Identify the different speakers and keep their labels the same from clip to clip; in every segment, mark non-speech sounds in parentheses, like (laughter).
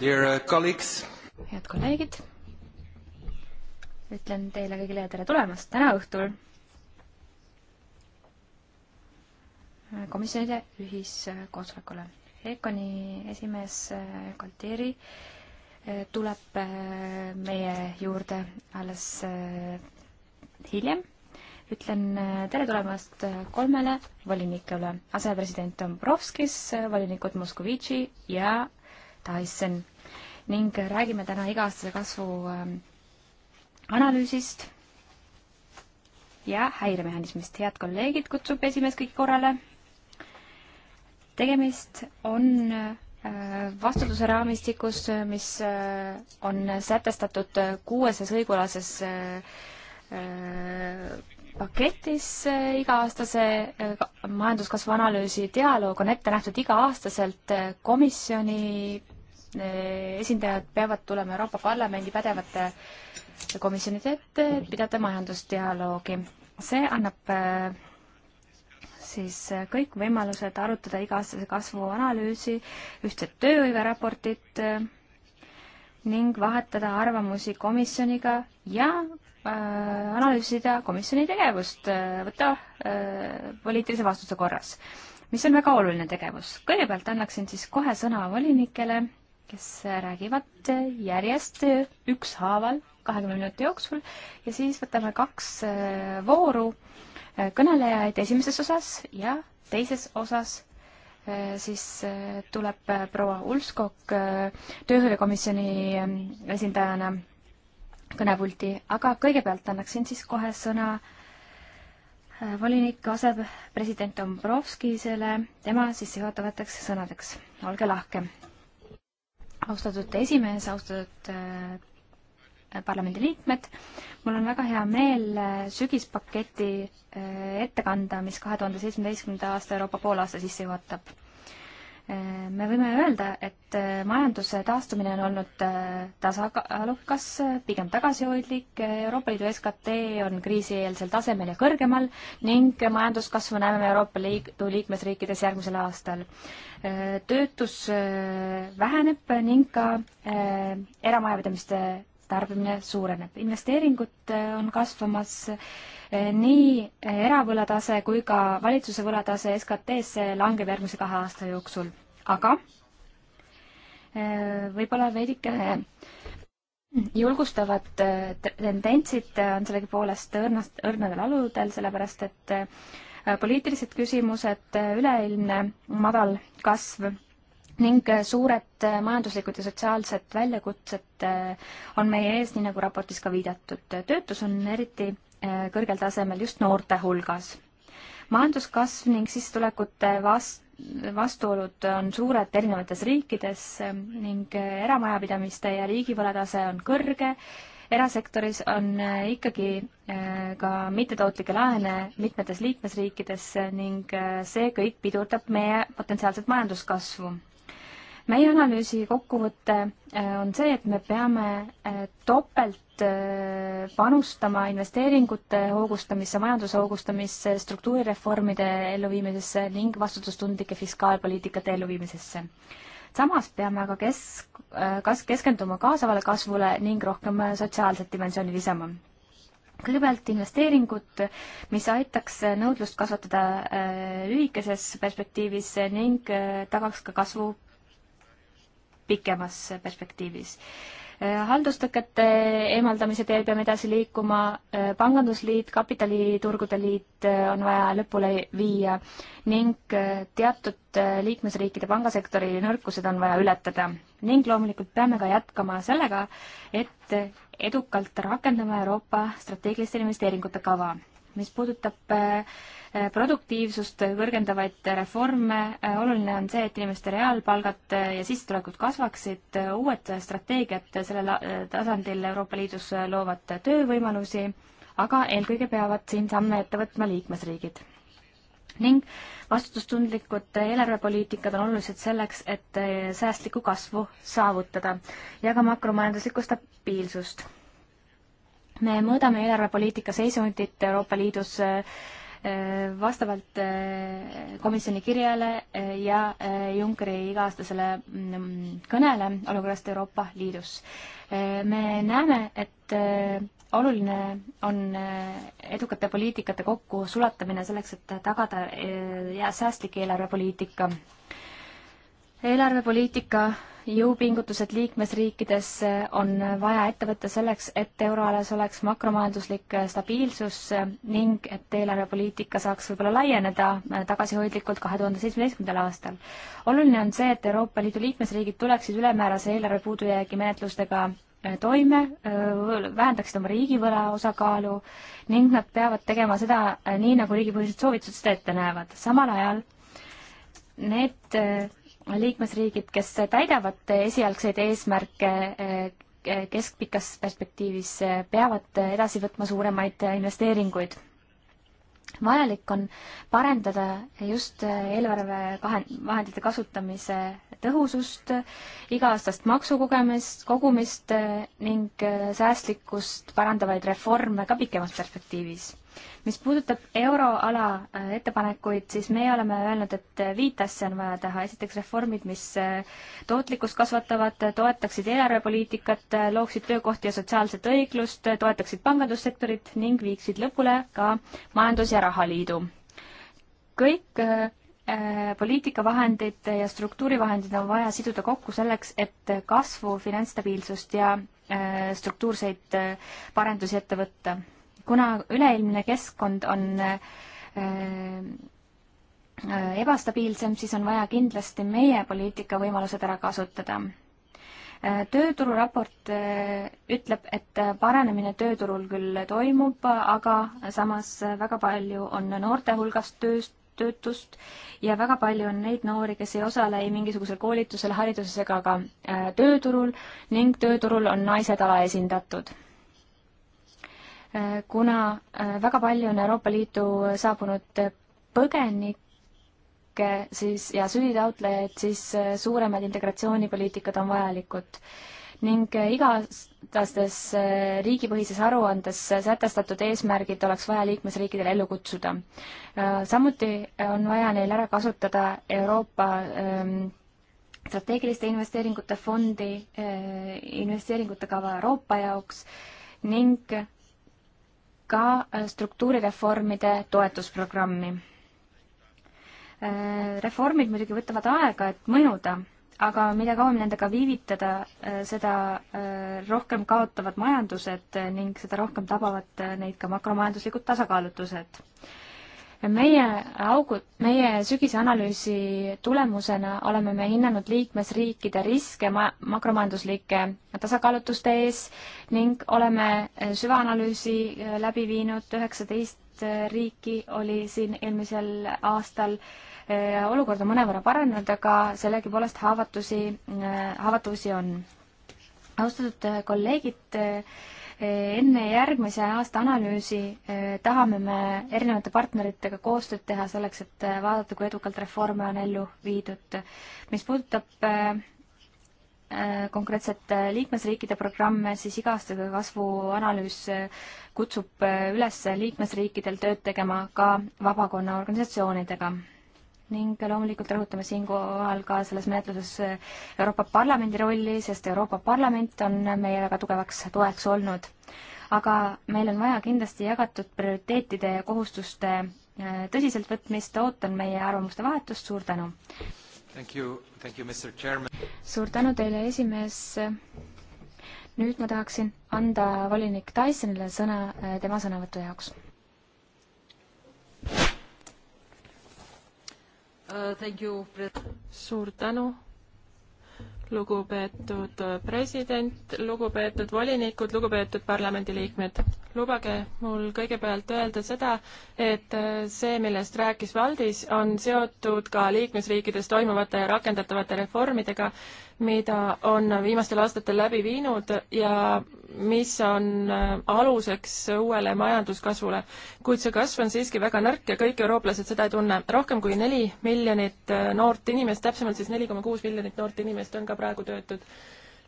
Speaker 1: Uh,
Speaker 2: head kolleegid, ütlen teile kõigile tere tulemast täna õhtul komisjonide ühiskoosolekule. EKONi esimees Kaltieri äh, äh, tuleb äh, meie juurde alles hiljem. ütlen tere tulemast kolmele volinikule. asepresident Dombrovskis, volinikud Moskovitši ja Tyson ning räägime täna iga-aastase kasvu ähm, analüüsist ja häiremehhanismist. head kolleegid, kutsub esimees kõik korrale. tegemist on äh, vastutuse raamistikus, äh, mis äh, on sätestatud kuueses õigulases paketis iga-aastase majanduskasvu analüüsi dialoog on ette nähtud iga-aastaselt komisjoni Äh, esindajad peavad tulema Euroopa Parlamendi pädevate komisjonide ette, pidada majandusdialoogi. see annab äh, siis kõik võimalused arutada iga-aastase kasvu analüüsi, ühtset tööhõiveraportit äh, ning vahetada arvamusi komisjoniga ja äh, analüüsida komisjoni tegevust, võtta äh, poliitilise vastuse korras, mis on väga oluline tegevus. kõigepealt annaksin siis kohe sõna volinikele kes räägivad järjest ükshaaval kahekümne minuti jooksul ja siis võtame kaks äh, vooru äh, kõnelejaid esimeses osas ja teises osas äh, siis tuleb proua Ulskog tööhõivekomisjoni esindajana kõnepulti, aga kõigepealt annaksin siis kohe sõna volinik asepresident Dombrovskisele tema sissejuhatavateks sõnadeks. olge lahke austatud esimees, austatud äh, parlamendiliikmed. mul on väga hea meel äh, sügispaketi äh, ette kanda, mis kahe tuhande seitsmeteistkümnenda aasta Euroopa poolaasta sisse juhatab me võime öelda, et äh, majanduse taastumine on olnud äh, tasakaalukas, äh, pigem tagasihoidlik, Euroopa Liidu SKT on kriisieelsel tasemel ja kõrgemal ning majanduskasvu näeme Euroopa Liidu liikmesriikides järgmisel aastal. töötus väheneb ning ka eramajapidamiste tarbimine suureneb. investeeringud on kasvamas nii eravõlatase kui ka valitsuse võlatase SKT-sse langeb järgmise kahe aasta jooksul aga äh, võib-olla veidike julgustavad äh, tendentsid on sellegipoolest õrnast, õrnadel aludel, sellepärast et äh, poliitilised küsimused, üleilmne madal kasv ning suured majanduslikud ja sotsiaalsed väljakutsed on meie ees, nii nagu raportis ka viidatud. töötus on eriti kõrgel tasemel just noorte hulgas. majanduskasv ning sissetulekute vast-, vastuolud on suured erinevates riikides ning eramajapidamiste ja riigivõlatase on kõrge. erasektoris on ikkagi äh, ka mittetootlikke laene mitmetes liikmesriikides ning äh, see kõik pidurdab meie potentsiaalset majanduskasvu meie analüüsi kokkuvõte äh, on see, et me peame äh, topelt äh, panustama investeeringute hoogustamisse, majanduse hoogustamisse, struktuurireformide elluviimisesse ning vastutustundlike fiskaalpoliitikate elluviimisesse. samas peame aga kesk, kas keskenduma kaasavale kasvule ning rohkem sotsiaalset dimensiooni lisama kõigepealt investeeringud, mis aitaks nõudlust kasvatada lühikeses perspektiivis ning tagaks ka kasvu pikemas perspektiivis eh, haldustõkete eemaldamise teel peame edasi liikuma, eh, pangandusliit, kapitaliturgude liit eh, on vaja lõpule viia ning teatud liikmesriikide pangasektori nõrkused on vaja ületada. ning loomulikult peame ka jätkama sellega, et edukalt rakendame Euroopa strateegiliste investeeringute kava mis puudutab äh, produktiivsust kõrgendavaid reforme, äh, oluline on see, et inimeste reaalpalgad äh, ja sissetulekud kasvaksid, uued strateegiad sellel tasandil Euroopa Liidus loovad töövõimalusi, aga eelkõige peavad siin samme ette võtma liikmesriigid. ning vastutustundlikud eelarvepoliitikad on olulised selleks, et säästlikku kasvu saavutada ja ka makromajanduslikku stabiilsust me mõõdame eelarvepoliitika seisundit Euroopa Liidus äh, äh, vastavalt äh, komisjoni kirjale ja Junckeri iga-aastasele mm, kõnele olukorrast Euroopa Liidus. me näeme, et oluline on edukate poliitikate kokku sulatamine selleks, et tagada säästlik eelarvepoliitika. eelarvepoliitika jõupingutused liikmesriikides eh, on vaja ette võtta selleks, et euroalas oleks makromajanduslik eh, stabiilsus eh, ning et eelarvepoliitika saaks võib-olla laieneda tagasihoidlikult kahe tuhande seitsmeteistkümnendal aastal. oluline on see, et Euroopa Liidu liikmesriigid tuleksid ülemäärase eelarve puudujäägi menetlustega toime, vähendaksid oma riigivõla osakaalu ning nad peavad tegema seda nii, nagu riigipõhised soovitused seda ette näevad. samal ajal need liikmesriigid, kes täidavad esialgseid eesmärke eh, keskpikas perspektiivis, eh, peavad edasi võtma suuremaid investeeringuid. vajalik on parendada just eelarve vahendite kasutamise tõhusust, iga-aastast maksukogemist, kogumist eh, ning säästlikkust parandavaid reforme ka pikemas perspektiivis mis puudutab euroala äh, ettepanekuid, siis meie oleme öelnud, et äh, viit asja on vaja teha. esiteks reformid, mis äh, tootlikkust kasvatavad, toetaksid eelarvepoliitikat, looksid töökohti ja sotsiaalset õiglust, toetaksid pangandussektorit ning viiksid lõpule ka Majandus- ja Rahaliidu. kõik poliitikavahendid ja struktuurivahendid on vaja siduda kokku selleks, et kasvu, finantsstabiilsust ja struktuurseid parendusi ette võtta kuna üleilmne keskkond on äh, äh, ebastabiilsem, siis on vaja kindlasti meie poliitika võimalused ära kasutada. Äh, töötururaport ütleb, et paranemine tööturul küll toimub, aga samas väga palju on noorte hulgas tööst, töötust ja väga palju on neid noori, kes ei osale ei mingisugusel koolitusel, hariduses ega ka tööturul ning tööturul on naised alaesindatud kuna äh, väga palju on Euroopa Liidu saabunud põgenikke siis ja süüditaotlejaid, siis äh, suuremad integratsioonipoliitikad on vajalikud ning äh, iga-aastases riigipõhises aruandes sätestatud eesmärgid oleks vaja liikmesriikidel ellu kutsuda. samuti on vaja neil ära kasutada Euroopa ähm, strateegiliste investeeringute fondi, investeeringute kava Euroopa jaoks ning ka äh, struktuurireformide toetusprogrammi. Äh, reformid muidugi võtavad aega, et mõjuda, aga mida kauem nendega viivitada, äh, seda rohkem kaotavad majandused ning seda rohkem tabavad neid ka makromajanduslikud tasakaalutused meie augud, meie sügiseanalüüsi tulemusena oleme me hinnanud liikmesriikide riske ma-, makromajanduslike tasakaalutuste ees ning oleme süvaanalüüsi äh, läbi viinud, üheksateist äh, riiki oli siin eelmisel aastal äh, olukord on mõnevõrra paranenud, aga sellegipoolest haavatusi, haavatusi on. austatud kolleegid, enne järgmise aasta analüüsi eh, tahame me erinevate partneritega koostööd teha selleks, et eh, vaadata, kui edukalt reforme on ellu viidud. mis puudutab eh, konkreetselt liikmesriikide programme, siis iga-aastase kasvu analüüs kutsub üles liikmesriikidel tööd tegema ka vabakonna organisatsioonidega ning loomulikult rõhutame siinkohal ka selles menetluses äh, Euroopa Parlamendi rolli, sest Euroopa Parlament on meie väga tugevaks toeks olnud. aga meil on vaja kindlasti jagatud prioriteetide ja kohustuste äh, tõsiseltvõtmist, ootan meie arvamuste vahetust, suur tänu! suur tänu teile, esimees! nüüd ma tahaksin anda volinik Tysonile sõna äh, tema sõnavõtu jaoks
Speaker 1: Uh, suur tänu, lugupeetud uh, president, lugupeetud volinikud, lugupeetud parlamendiliikmed. lubage mul kõigepealt öelda seda, et uh, see, millest rääkis Valdis, on seotud ka liikmesriikides toimuvate ja rakendatavate reformidega mida on viimastel aastatel läbi viinud ja mis on äh, aluseks uuele majanduskasvule. kuid see kasv on siiski väga nõrk ja kõik eurooplased seda ei tunne. rohkem kui neli miljonit äh, noort inimest, täpsemalt siis neli koma kuus miljonit noort inimest on ka praegu töötud.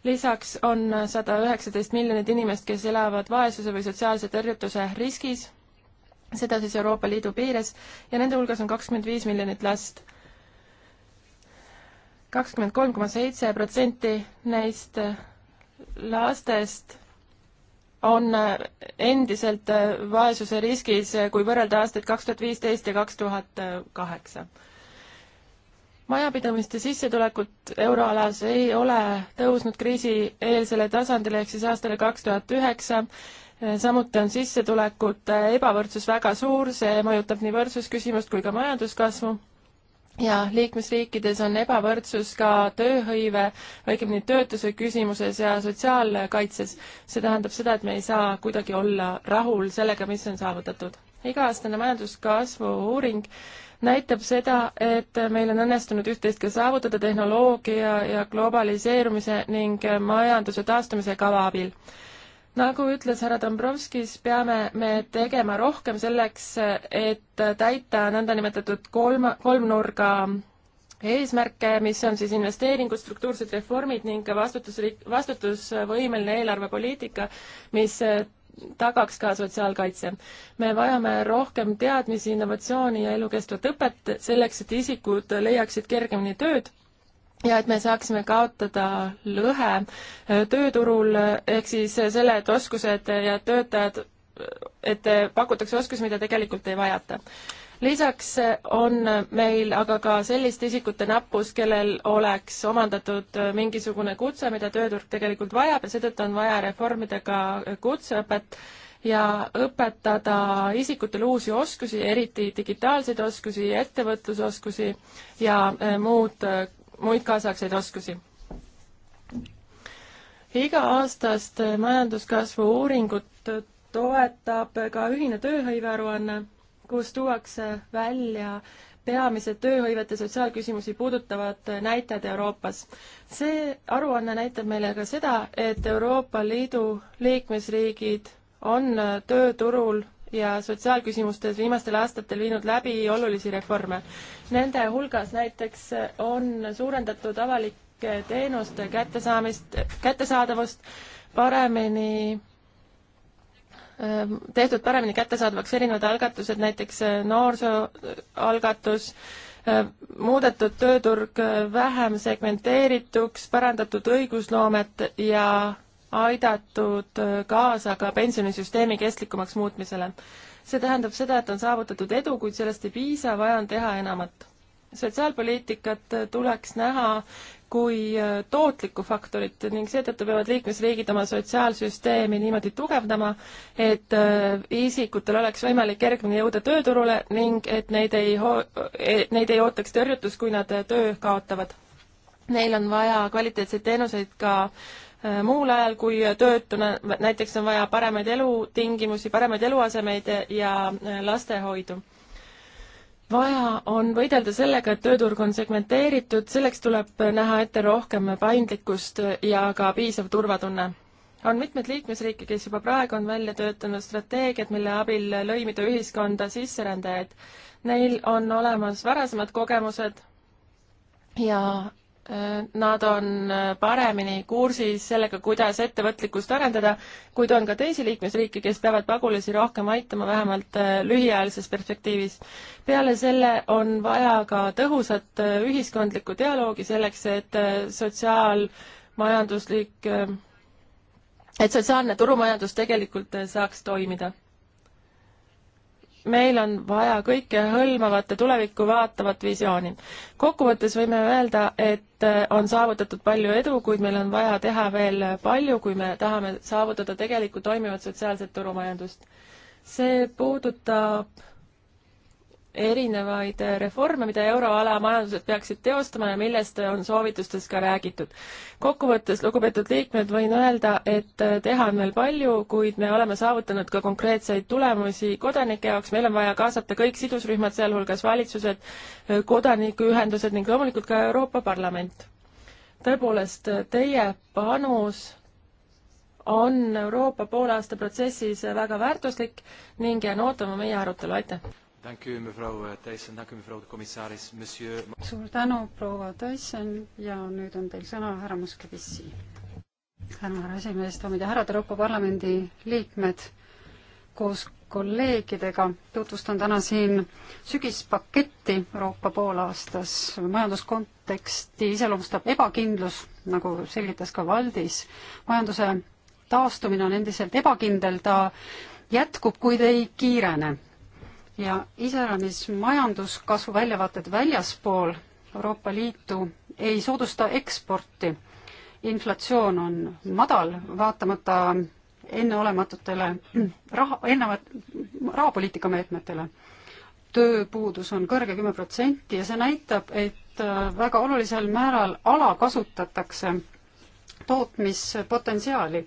Speaker 1: lisaks on sada üheksateist miljonit inimest, kes elavad vaesuse või sotsiaalse tõrjutuse riskis, seda siis Euroopa Liidu piires, ja nende hulgas on kakskümmend viis miljonit last kakskümmend kolm koma seitse protsenti neist äh, lastest on äh, endiselt äh, vaesuse riskis, kui võrrelda aastaid kaks tuhat viisteist ja kaks tuhat kaheksa. majapidamiste sissetulekud euroalas ei ole tõusnud kriisieelsele tasandile ehk siis aastale kaks tuhat üheksa, samuti on sissetulekute ebavõrdsus väga suur, see mõjutab nii võrdsusküsimust kui ka majanduskasvu ja liikmesriikides on ebavõrdsus ka tööhõive, õigemini töötuse küsimuses ja sotsiaalkaitses. see tähendab seda, et me ei saa kuidagi olla rahul sellega, mis on saavutatud. iga-aastane majanduskasvu uuring näitab seda, et meil on õnnestunud üht-teist ka saavutada tehnoloogia ja globaliseerumise ning majanduse taastumise kava abil nagu ütles härra Dombrovskis, peame me tegema rohkem selleks, et täita nõndanimetatud kolm, kolmnurga eesmärke, mis on siis investeeringud, struktuursed reformid ning vastutusrik-, vastutusvõimeline eelarvepoliitika, mis tagaks ka sotsiaalkaitse. me vajame rohkem teadmisi, innovatsiooni ja elukestvat õpet selleks, et isikud leiaksid kergemini tööd ja et me saaksime kaotada lõhe äh, tööturul, ehk siis selle, et oskused ja töötajad, et pakutakse oskusi, mida tegelikult ei vajata. lisaks äh, on meil aga ka selliste isikute nappus, kellel oleks omandatud äh, mingisugune kutse, mida tööturg tegelikult vajab ja seetõttu on vaja reformida ka kutseõpet ja õpetada isikutele uusi oskusi, eriti digitaalseid oskusi, ettevõtlusoskusi ja muud muid kaasaegseid oskusi iga-aastast majanduskasvu uuringut toetab ka ühine tööhõivearuanne, kus tuuakse välja peamised tööhõivet ja sotsiaalküsimusi puudutavad näitajad Euroopas. see aruanne näitab meile ka seda, et Euroopa Liidu liikmesriigid on tööturul ja sotsiaalküsimustes viimastel aastatel viinud läbi olulisi reforme. Nende hulgas näiteks on suurendatud avalike teenuste kättesaamist, kättesaadavust paremini ähm, tehtud paremini kättesaadavaks erinevad algatused, näiteks äh, noorsooalgatus, äh, muudetud tööturg äh, vähem segmenteerituks, parandatud õigusloomet ja aidatud äh, kaasa ka pensionisüsteemi kestlikumaks muutmisele. see tähendab seda, et on saavutatud edu, kuid sellest ei piisa, vaja on teha enamat. sotsiaalpoliitikat äh, tuleks näha kui äh, tootlikku faktorit ning seetõttu peavad liikmesriigid oma sotsiaalsüsteemi niimoodi tugevdama, et isikutel oleks võimalik kergemini jõuda tööturule ning et neid ei, e-, neid ei ootaks tõrjutus, kui nad töö kaotavad. Neil on vaja kvaliteetseid teenuseid ka äh, Äh, muul ajal kui töötuna, näiteks on vaja paremaid elutingimusi, paremaid eluasemeid ja äh, lastehoidu. vaja on võidelda sellega, et tööturg on segmenteeritud, selleks tuleb näha ette rohkem paindlikkust ja ka piisav turvatunne on mitmeid liikmesriike, kes juba praegu on välja töötanud strateegiad, mille abil lõimida ühiskonda sisserändajaid. Neil on olemas varasemad kogemused ja Nad on äh, paremini kursis sellega, kuidas ettevõtlikkust arendada, kuid on ka teisi liikmesriike, kes peavad pagulasi rohkem aitama, vähemalt äh, lühiajalises perspektiivis. peale selle on vaja ka tõhusat äh, ühiskondlikku dialoogi selleks, et sotsiaalmajanduslik, et sotsiaalne turumajandus tegelikult saaks toimida meil on vaja kõike hõlmavat ja tulevikku vaatavat visiooni. kokkuvõttes võime öelda, et äh, on saavutatud palju edu, kuid meil on vaja teha veel palju, kui me tahame saavutada tegelikult toimivat sotsiaalset turumajandust. see puudutab erinevaid reforme, mida euroala majandused peaksid teostama ja millest on soovitustes ka räägitud. kokkuvõttes, lugupeetud liikmed, võin öelda, et teha on veel palju, kuid me oleme saavutanud ka konkreetseid tulemusi kodanike jaoks, meil on vaja kaasata kõik sidusrühmad, sealhulgas valitsused, kodanikuühendused ning loomulikult ka Euroopa Parlament. tõepoolest, teie panus on Euroopa poolaasta protsessis väga väärtuslik ning jään ootama meie arutelu, aitäh! Dank u mevrouw eh, Thijssen, dank u mevrouw de commissaris, monsieur.
Speaker 3: suur tänu, proua Thijssen ja nüüd on teil sõna härra Moskvissi. tänan, härra esimees, daamid ja härrad, Euroopa Parlamendi liikmed koos kolleegidega tutvustan täna siin sügispaketti Euroopa poolaastas. majanduskonteksti iseloomustab ebakindlus, nagu selgitas ka Valdis. majanduse taastumine on endiselt ebakindel, ta jätkub, kuid ei kiirene ja iseäranis majanduskasvu väljavaated väljaspool Euroopa Liitu ei soodusta eksporti. inflatsioon on madal, vaatamata enneolematutele (clears throat) raha, eelnevat rahapoliitika meetmetele. tööpuudus on kõrge kümme protsenti ja see näitab, et äh, väga olulisel määral alakasutatakse tootmispotentsiaali.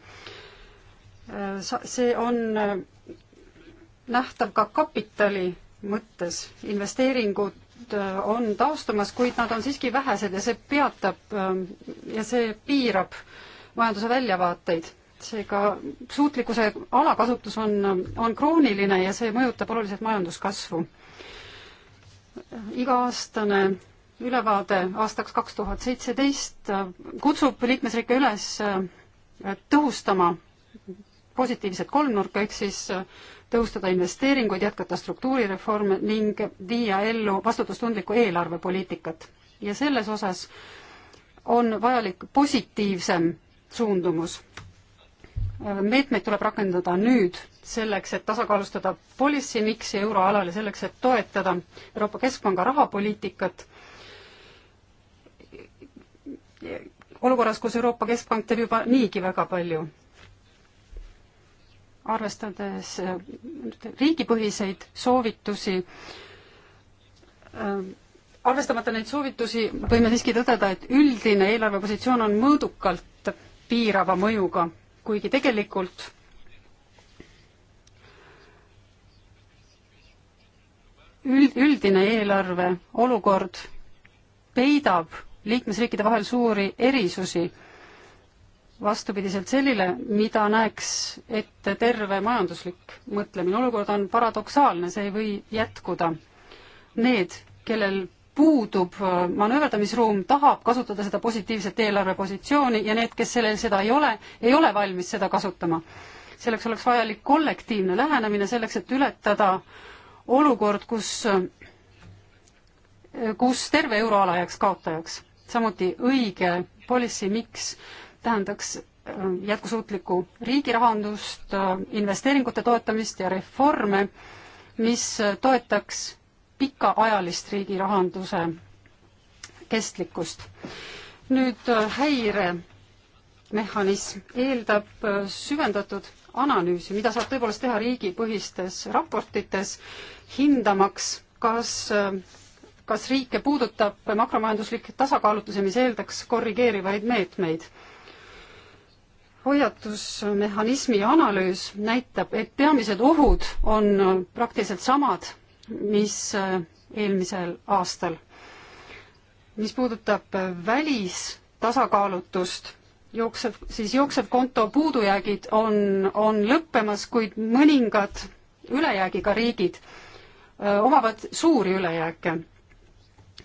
Speaker 3: Äh, see on äh, nähtav ka kapitali mõttes, investeeringud äh, on taastumas, kuid nad on siiski vähesed ja see peatab ähm, ja see piirab majanduse väljavaateid. seega suutlikkuse alakasutus on, on krooniline ja see mõjutab oluliselt majanduskasvu. iga-aastane ülevaade aastaks kaks tuhat seitseteist äh, kutsub liikmesriike üles äh, tõhustama positiivset kolmnurka, ehk siis äh, tõhustada investeeringuid, jätkata struktuurireforme ning viia ellu vastutustundlikku eelarvepoliitikat. ja selles osas on vajalik positiivsem suundumus. Äh, meetmeid tuleb rakendada nüüd selleks, et tasakaalustada policy mix'i euroalal ja selleks, et toetada Euroopa Keskpanga rahapoliitikat äh, olukorras, kus Euroopa Keskpank teeb juba niigi väga palju arvestades äh, riigipõhiseid soovitusi, ähm, arvestamata neid soovitusi, võime siiski tõdeda, et üldine eelarvepositsioon on mõõdukalt piirava mõjuga, kuigi tegelikult üld, üldine eelarve olukord peidab liikmesriikide vahel suuri erisusi vastupidiselt sellile, mida näeks ette terve majanduslik mõtlemine. olukord on paradoksaalne, see ei või jätkuda. Need, kellel puudub äh, manööverdamisruum, tahab kasutada seda positiivset eelarvepositsiooni ja need, kes sellel seda ei ole, ei ole valmis seda kasutama. selleks oleks vajalik kollektiivne lähenemine, selleks et ületada olukord, kus, äh, kus terve euroala jääks kaotajaks. samuti õige policy mix tähendaks äh, jätkusuutlikku riigirahandust, äh, investeeringute toetamist ja reforme, mis toetaks pikaajalist riigi rahanduse kestlikkust. nüüd äh, häiremehhanism eeldab süvendatud analüüsi, mida saab tõepoolest teha riigipõhistes raportites, hindamaks, kas, kas riike puudutab makromajanduslik tasakaalutus ja mis eeldaks korrigeerivaid meetmeid hoiatusmehhanismi analüüs näitab, et peamised ohud on praktiliselt samad, mis äh, eelmisel aastal. mis puudutab äh, välistasakaalutust, jooksev, siis jooksev konto puudujäägid on, on lõppemas, kuid mõningad ülejäägiga riigid öö, äh, omavad suuri ülejääke.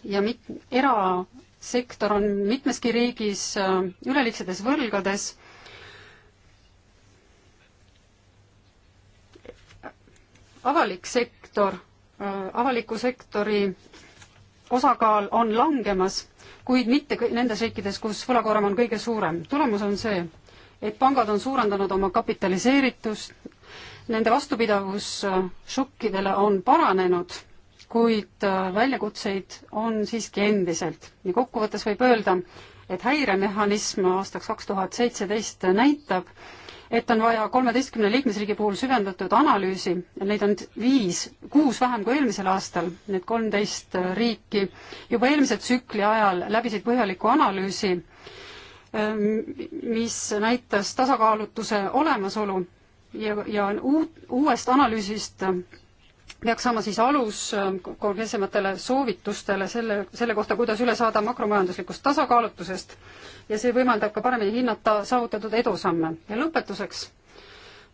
Speaker 3: ja mit-, erasektor on mitmeski riigis öö, üleliigsetes võlgades avalik sektor, äh, avaliku sektori osakaal on langemas, kuid mitte nendes riikides, kus võlakoorem on kõige suurem. tulemus on see, et pangad on suurendanud oma kapitaliseeritust, nende vastupidavus äh, šokkidele on paranenud, kuid äh, väljakutseid on siiski endiselt ja kokkuvõttes võib öelda, et häiremehhanism aastaks kaks tuhat seitseteist näitab, et on vaja kolmeteistkümne liikmesriigi puhul süvendatud analüüsi, neid on viis, kuus vähem kui eelmisel aastal, need kolmteist riiki juba eelmise tsükli ajal läbisid põhjaliku analüüsi, ähm, mis näitas tasakaalutuse olemasolu ja, ja uut, uuest analüüsist peaks saama siis alus ähm, konkreetsematele soovitustele selle, selle kohta, kuidas üle saada makromajanduslikust tasakaalutusest ja see võimaldab ka paremini hinnata saavutatud edusamme. ja lõpetuseks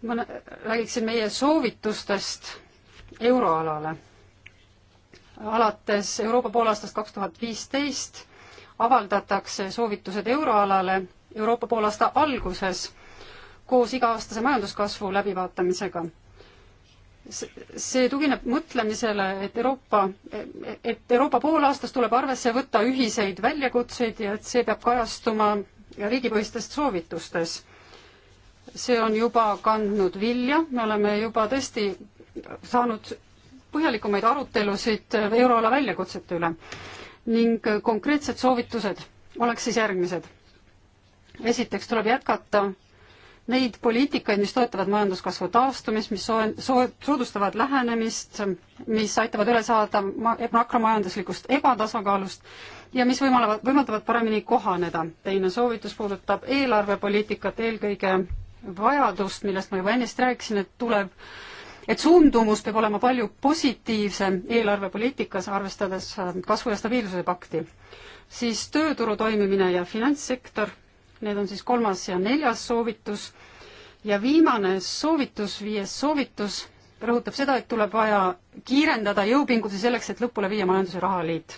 Speaker 3: ma räägiksin meie soovitustest euroalale. alates Euroopa poolaastast kaks tuhat viisteist avaldatakse soovitused euroalale Euroopa poolaasta alguses koos iga-aastase majanduskasvu läbivaatamisega see tugineb mõtlemisele, et Euroopa, et Euroopa poolaastas tuleb arvesse võtta ühiseid väljakutseid ja et see peab kajastuma riigipõhistes soovitustes. see on juba kandnud vilja, me oleme juba tõesti saanud põhjalikumaid arutelusid euroala väljakutsete üle ning konkreetsed soovitused oleks siis järgmised. esiteks tuleb jätkata neid poliitikaid, mis toetavad majanduskasvu taastumist, mis soo-, soo-, soodustavad lähenemist, mis aitavad üle saada ma-, makromajanduslikust ebatasakaalust ja mis võimalevad, võimaldavad paremini kohaneda. teine soovitus puudutab eelarvepoliitikat, eelkõige vajadust, millest ma juba ennist rääkisin, et tuleb et suundumus peab olema palju positiivsem eelarvepoliitikas, arvestades kasvu- ja stabiilsuse pakti. siis tööturu toimimine ja finantssektor Need on siis kolmas ja neljas soovitus. ja viimane soovitus, viies soovitus, rõhutab seda, et tuleb vaja kiirendada jõupingutusi selleks, et lõpule viia majandus- ja rahaliit.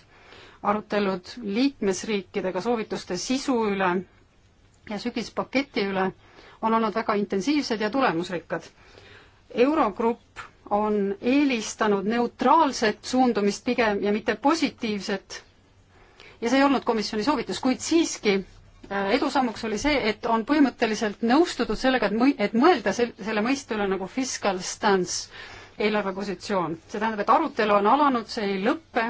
Speaker 3: arutelud liikmesriikidega soovituste sisu üle ja sügispaketi üle on olnud väga intensiivsed ja tulemusrikkad. Eurogrupp on eelistanud neutraalset suundumist pigem ja mitte positiivset ja see ei olnud komisjoni soovitus, kuid siiski Äh, edusammuks oli see, et on põhimõtteliselt nõustutud sellega, et mõ-, et mõelda sel-, selle mõiste üle nagu fiscal stance, eelarvepositsioon. see tähendab, et arutelu on alanud, see ei lõpe,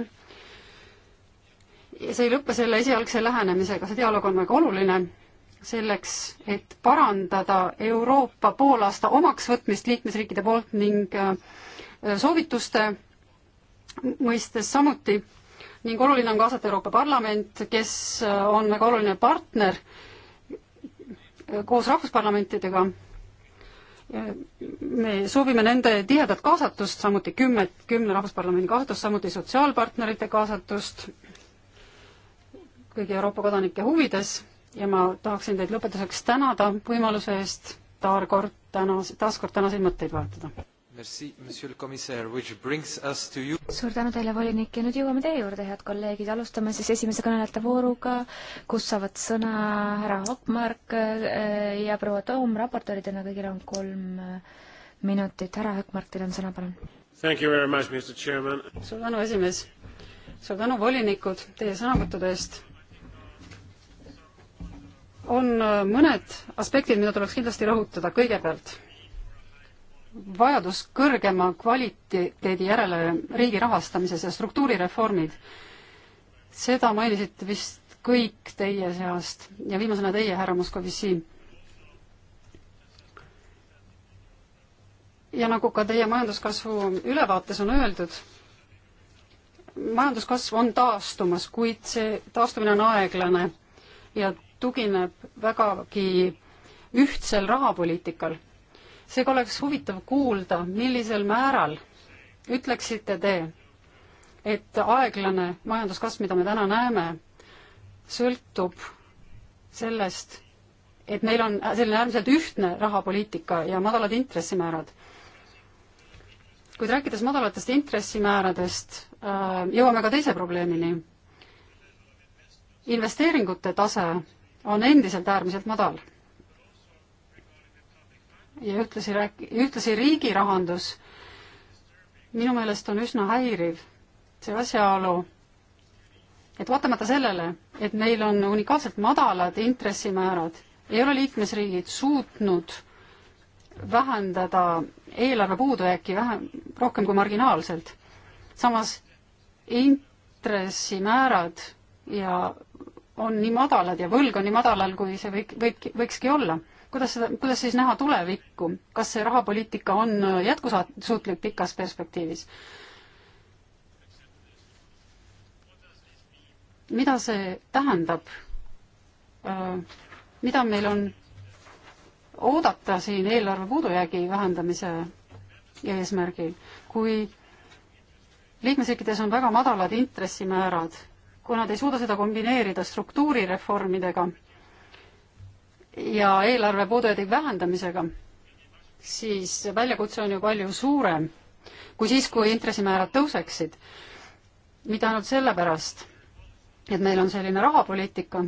Speaker 3: see ei lõpe selle esialgse lähenemisega, see dialoog on väga oluline, selleks, et parandada Euroopa poolaasta omaksvõtmist liikmesriikide poolt ning äh, soovituste mõistes samuti ning oluline on kaasata Euroopa Parlament, kes äh, on väga oluline partner äh, koos rahvusparlamentidega. Äh, me soovime nende tihedat kaasatust, samuti kümme, kümne rahvusparlamendi kaasatust, samuti sotsiaalpartnerite kaasatust kõigi Euroopa kodanike huvides ja ma tahaksin teid lõpetuseks tänada võimaluse eest taar kord tänas, taaskord tänaseid mõtteid vahetada
Speaker 1: suur
Speaker 2: tänu teile, volinik, ja nüüd jõuame teie juurde, head kolleegid, alustame siis esimese kõnelejate vooruga, kus saavad sõna härra Hoppmark äh, ja proua Toom raportööridena, kõigil on kolm äh, minutit, härra Hoppmark, teil on sõna, palun.
Speaker 1: suur
Speaker 2: tänu, esimees. suur tänu, volinikud,
Speaker 3: teie sõnavõttude eest on äh, mõned aspektid, mida tuleks kindlasti rõhutada kõigepealt vajadus kõrgema kvaliteedi järele riigi rahastamises ja struktuurireformid. seda mainisite vist kõik teie seast ja viimasena teie, härra Moskovitši. ja nagu ka teie majanduskasvu ülevaates on öeldud, majanduskasv on taastumas, kuid see taastumine on aeglane ja tugineb vägagi ühtsel rahapoliitikal seega oleks huvitav kuulda, millisel määral ütleksite te, et aeglane majanduskasv, mida me täna näeme, sõltub sellest, et meil on selline äärmiselt ühtne rahapoliitika ja madalad intressimäärad. kuid rääkides madalatest intressimääradest, äh, jõuame ka teise probleemini. investeeringute tase on endiselt äärmiselt madal ja ühtlasi rääk-, ühtlasi riigi rahandus minu meelest on üsna häiriv see asjaolu, et vaatamata sellele, et meil on unikaalselt madalad intressimäärad, ei ole liikmesriigid suutnud vähendada eelarve puudujääki vähem, rohkem kui marginaalselt. samas intressimäärad ja on nii madalad ja võlg on nii madalal, kui see võib, võib, võikski olla kuidas seda, kuidas siis näha tulevikku, kas see rahapoliitika on jätkusuutlik pikas perspektiivis? mida see tähendab? Äh, mida meil on oodata siin eelarve puudujäägi vähendamise eesmärgil, kui liikmesriikides on väga madalad intressimäärad, kui nad ei suuda seda kombineerida struktuurireformidega ja eelarve puudujäägi vähendamisega, siis väljakutse on ju palju suurem kui siis, kui intressimäärad tõuseksid. mitte ainult sellepärast, et meil on selline rahapoliitika,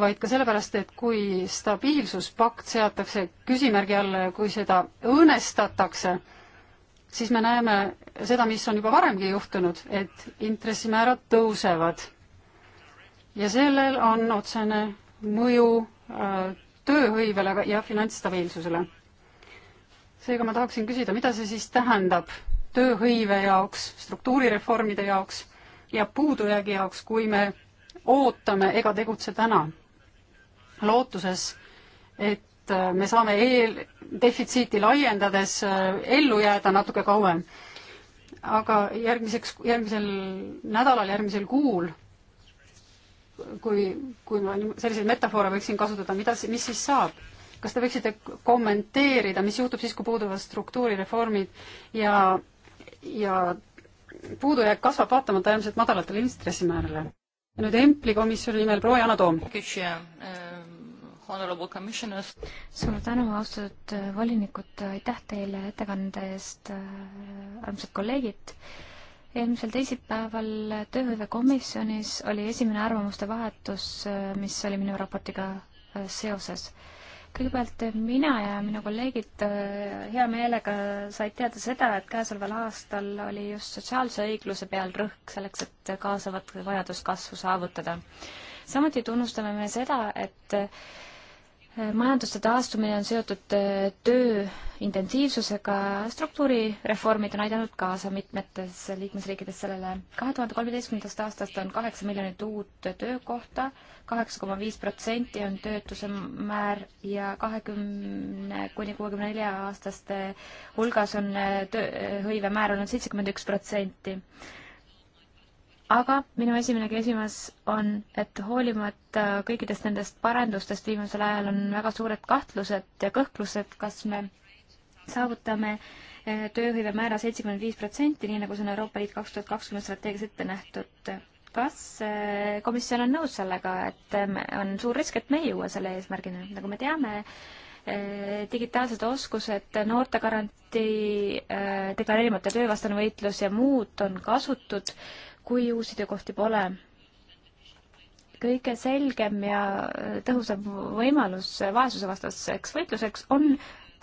Speaker 3: vaid ka sellepärast, et kui stabiilsuspakt seatakse küsimärgi alla ja kui seda õõnestatakse, siis me näeme seda, mis on juba varemgi juhtunud, et intressimäärad tõusevad. ja sellel on otsene mõju äh, tööhõivele ja finantsstabiilsusele. seega ma tahaksin küsida, mida see siis tähendab tööhõive jaoks, struktuurireformide jaoks ja puudujäägi jaoks, kui me ootame ega tegutse täna, lootuses, et äh, me saame eel, defitsiiti laiendades äh, ellu jääda natuke kauem. aga järgmiseks, järgmisel nädalal, järgmisel kuul kui, kui ma selliseid metafoore võiksin kasutada, mida, mis siis saab? kas te võiksite kommenteerida, mis juhtub siis, kui puuduvad struktuurireformid ja, ja puudujääk kasvab vaatamata äärmiselt madalatele intressimäärale? ja nüüd Empli komisjoni nimel proua Yana Toom.
Speaker 2: suur tänu, austatud volinikud, aitäh teile ettekande eest, äh, armsad kolleegid äh, eelmisel teisipäeval tööhõivekomisjonis oli esimene arvamuste vahetus, mis oli minu raportiga äh, seoses. kõigepealt äh, mina ja minu kolleegid äh, hea meelega said teada seda, et käesoleval aastal oli just sotsiaalse õigluse peal rõhk selleks, et kaasavat vajaduskasvu saavutada. samuti tunnustame me seda, et majanduste taastumine on seotud äh, töö intensiivsusega, struktuurireformid on aidanud kaasa mitmetes liikmesriikides sellele. kahe tuhande kolmeteistkümnendast aastast on kaheksa miljonit uut töökohta, kaheksa koma viis protsenti on töötuse määr ja kahekümne kuni kuuekümne nelja aastaste hulgas on äh, tööhõive äh, määr olnud seitsekümmend üks protsenti aga minu esimene küsimus on, et hoolimata kõikidest nendest parendustest viimasel ajal on väga suured kahtlused ja kõhklused, kas me saavutame eh, tööhõive määra seitsekümmend viis protsenti, nii nagu see on Euroopa Liit kaks tuhat kakskümmend strateegias ette nähtud. kas eh, komisjon on nõus sellega, et eh, on suur risk, et me ei jõua selle eesmärgini, nagu me teame, digitaalsed oskused, noortegarantii, deklareerimata töövastane võitlus ja muud on kasutud äh, kui uusi töökohti pole. kõige selgem ja tõhusam võimalus vaesusevastaseks võitluseks on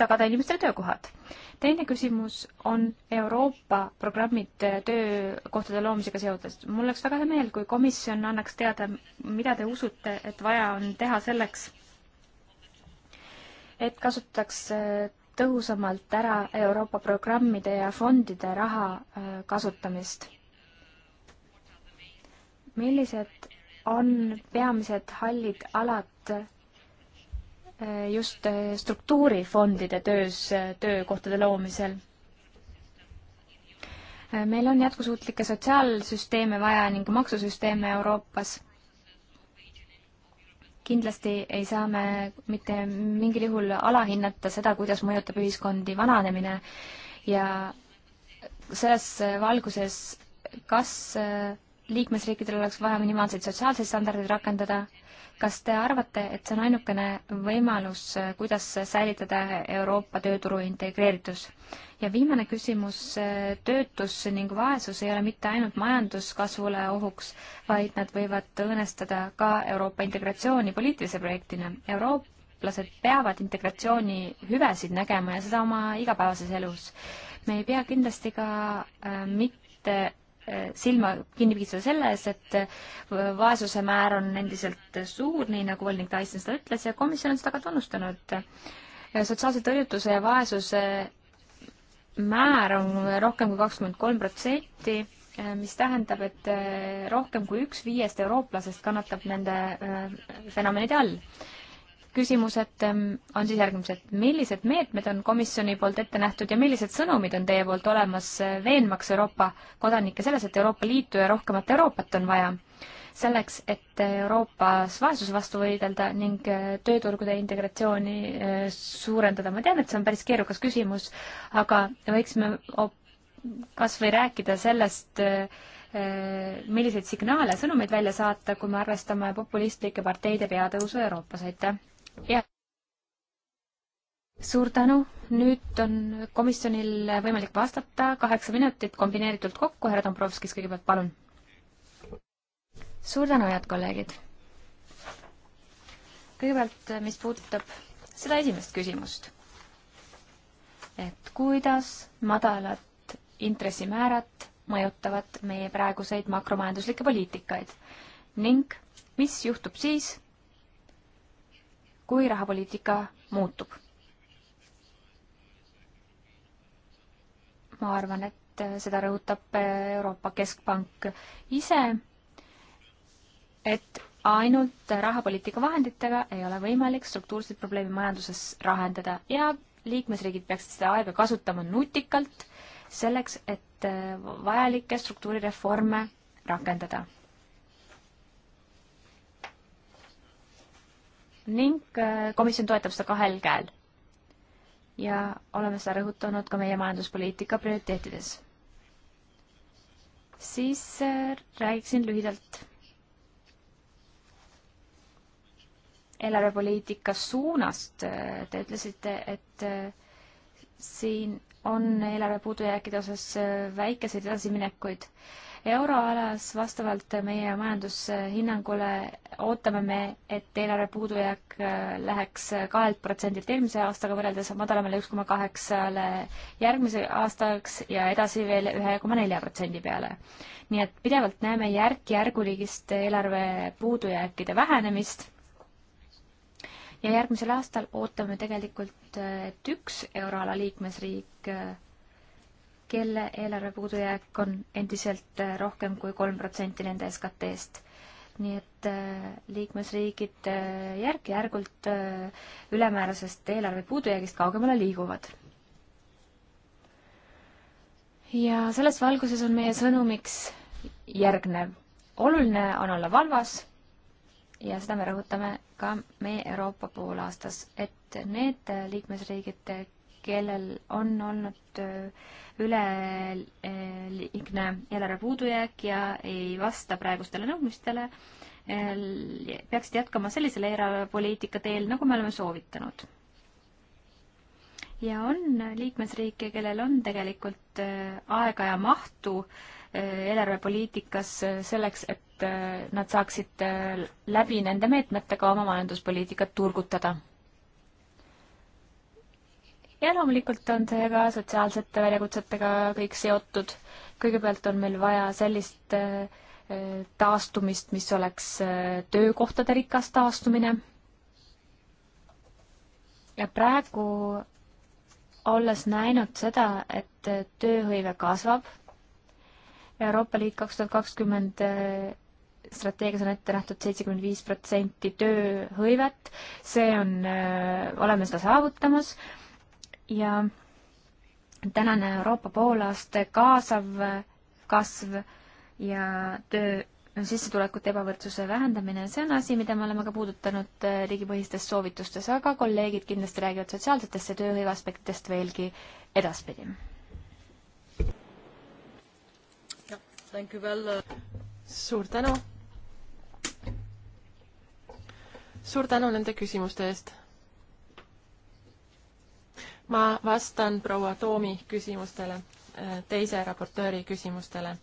Speaker 2: tagada inimestele töökohad. teine küsimus on Euroopa programmid töökohtade loomisega seoses. mul oleks väga hea meel, kui komisjon annaks teada, mida te usute, et vaja on teha selleks, et kasutaks tõhusamalt ära Euroopa programmide ja fondide raha äh, kasutamist millised on peamised hallid alad eh, just eh, struktuurifondide töös, eh, töökohtade loomisel? meil on jätkusuutlikke sotsiaalsüsteeme vaja ning maksusüsteeme Euroopas. kindlasti ei saa me mitte mingil juhul alahinnata seda, kuidas mõjutab ühiskondi vananemine ja selles valguses, kas äh, liikmesriikidel oleks vaja minimaalseid sotsiaalseid standardeid rakendada. kas te arvate, et see on ainukene võimalus, kuidas säilitada Euroopa tööturu integreeritus? ja viimane küsimus, töötus ning vaesus ei ole mitte ainult majanduskasvule ohuks, vaid nad võivad õõnestada ka Euroopa integratsiooni poliitilise projektina. eurooplased peavad integratsiooni hüvesid nägema ja seda oma igapäevases elus. me ei pea kindlasti ka äh, mitte Äh, silma kinni pigistada selle ees, et äh, vaesuse määr on endiselt suur, nii nagu volinik Tyson seda ütles ja komisjon on seda ka tunnustanud. Äh, sotsiaalse tõrjutuse ja vaesuse määr on rohkem kui kakskümmend kolm protsenti, mis tähendab, et rohkem kui üks viiest eurooplasest kannatab nende fenomenide all küsimused ähm, on siis järgmised. millised meetmed on komisjoni poolt ette nähtud ja millised sõnumid on teie poolt olemas äh, veenmaks Euroopa kodanikke selles, et Euroopa Liitu ja rohkemat Euroopat on vaja? selleks, et äh, Euroopas vaesuse vastu võidelda ning äh, tööturgude integratsiooni suurendada. ma tean, et see on päris keerukas küsimus, aga võiksime kas või rääkida sellest, milliseid signaale, sõnumeid välja saata, kui me arvestame populistlike parteide peatõusu Euroopas, aitäh! ja suur tänu, nüüd on komisjonil võimalik vastata, kaheksa minutit kombineeritult kokku, härra Dombrovskis kõigepealt, palun. suur tänu, head kolleegid. kõigepealt, mis puudutab seda esimest küsimust, et kuidas madalad intressimäärad mõjutavad meie praeguseid makromajanduslikke poliitikaid ning mis juhtub siis, kui rahapoliitika muutub. ma arvan, et seda rõhutab Euroopa Keskpank ise, et ainult rahapoliitika vahenditega ei ole võimalik struktuurseid probleeme majanduses lahendada ja liikmesriigid peaksid seda aega kasutama nutikalt selleks, et vajalikke struktuurireforme rakendada ning äh, komisjon toetab seda kahel käel. ja oleme seda rõhutanud ka meie majanduspoliitika prioriteetides. siis äh, räägiksin lühidalt eelarvepoliitika suunast. Äh, te ütlesite, et siin on eelarve puudujääkide osas väikeseid edasiminekuid euroalas vastavalt meie majandushinnangule ootame me, et eelarve puudujääk äh, läheks kahelt protsendilt eelmise aastaga võrreldes madalamale üks koma kaheksale järgmise aastaks ja edasi veel ühe koma nelja protsendi peale. nii et pidevalt näeme järk-järgulist eelarve puudujääkide vähenemist ja järgmisel aastal ootame tegelikult, äh, et üks euroala liikmesriik äh, kelle eelarve puudujääk on endiselt äh, rohkem kui kolm protsenti nende SKT-st. nii et äh, liikmesriigid äh, järk-järgult ülemäärasest eelarve puudujäägist kaugemale liiguvad. ja selles valguses on meie sõnumiks järgnev. oluline on olla valvas ja seda me rõhutame ka meie Euroopa poolaastas, et need liikmesriigid, kellel on olnud äh, üleliigne äh, eelarve puudujääk ja ei vasta praegustele nõudmistele, äh, peaksid jätkama sellisel eelarvepoliitika teel, nagu me oleme soovitanud. ja on liikmesriike, kellel on tegelikult aega ja mahtu eelarvepoliitikas selleks, et nad saaksid läbi nende meetmetega oma majanduspoliitikat turgutada ja loomulikult on see ka sotsiaalsete väljakutsetega kõik seotud. kõigepealt on meil vaja sellist äh, taastumist, mis oleks äh, töökohtade rikas taastumine. ja praegu, olles näinud seda, et äh, tööhõive kasvab, Euroopa Liit kaks tuhat kakskümmend strateegias on ette nähtud seitsekümmend viis protsenti tööhõivet, see on, oleme seda saavutamas ja tänane Euroopa poolaaste kaasav kasv ja töö sissetulekute ebavõrdsuse vähendamine, see on asi, mida me oleme ka puudutanud äh, riigipõhistes soovitustes, aga kolleegid kindlasti räägivad sotsiaalsetest ja tööhõive aspektidest veelgi edaspidi.
Speaker 1: Äh. suur tänu. suur tänu nende küsimuste eest ma vastan proua Toomi küsimustele, äh, teise raportööri küsimustele.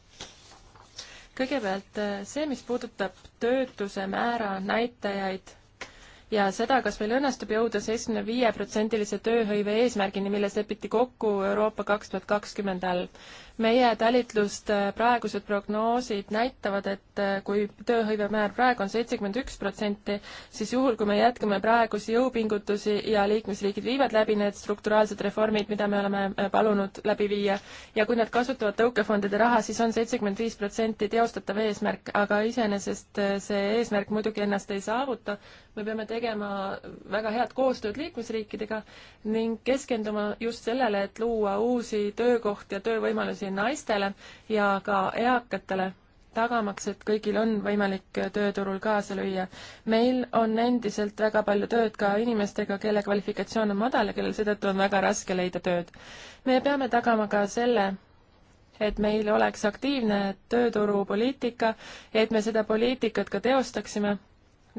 Speaker 1: kõigepealt äh, see, mis puudutab töötuse määra näitajaid ja seda, kas meil õnnestub jõuda seitsmekümne viie protsendilise tööhõive eesmärgini, milles lepiti kokku Euroopa kaks tuhat kakskümmend all meie talitluste praegused prognoosid näitavad, et äh, kui tööhõive määr praegu on seitsekümmend üks protsenti, siis juhul, kui me jätkame praegusi jõupingutusi ja liikmesriigid viivad läbi need strukturaalsed reformid, mida me oleme äh, palunud läbi viia, ja kui nad kasutavad tõukefondide raha, siis on seitsekümmend viis protsenti teostatav eesmärk, aga iseenesest äh, see eesmärk muidugi ennast ei saavuta, me peame tegema väga head koostööd liikmesriikidega ning keskenduma just sellele, et luua uusi töökohti ja töövõimalusi naistele ja ka eakatele tagamaks, et kõigil on võimalik tööturul kaasa lüüa. meil on endiselt väga palju tööd ka inimestega, kelle kvalifikatsioon on madal ja kellel seetõttu on väga raske leida tööd. me peame tagama ka selle, et meil oleks aktiivne tööturupoliitika ja et me seda poliitikat ka teostaksime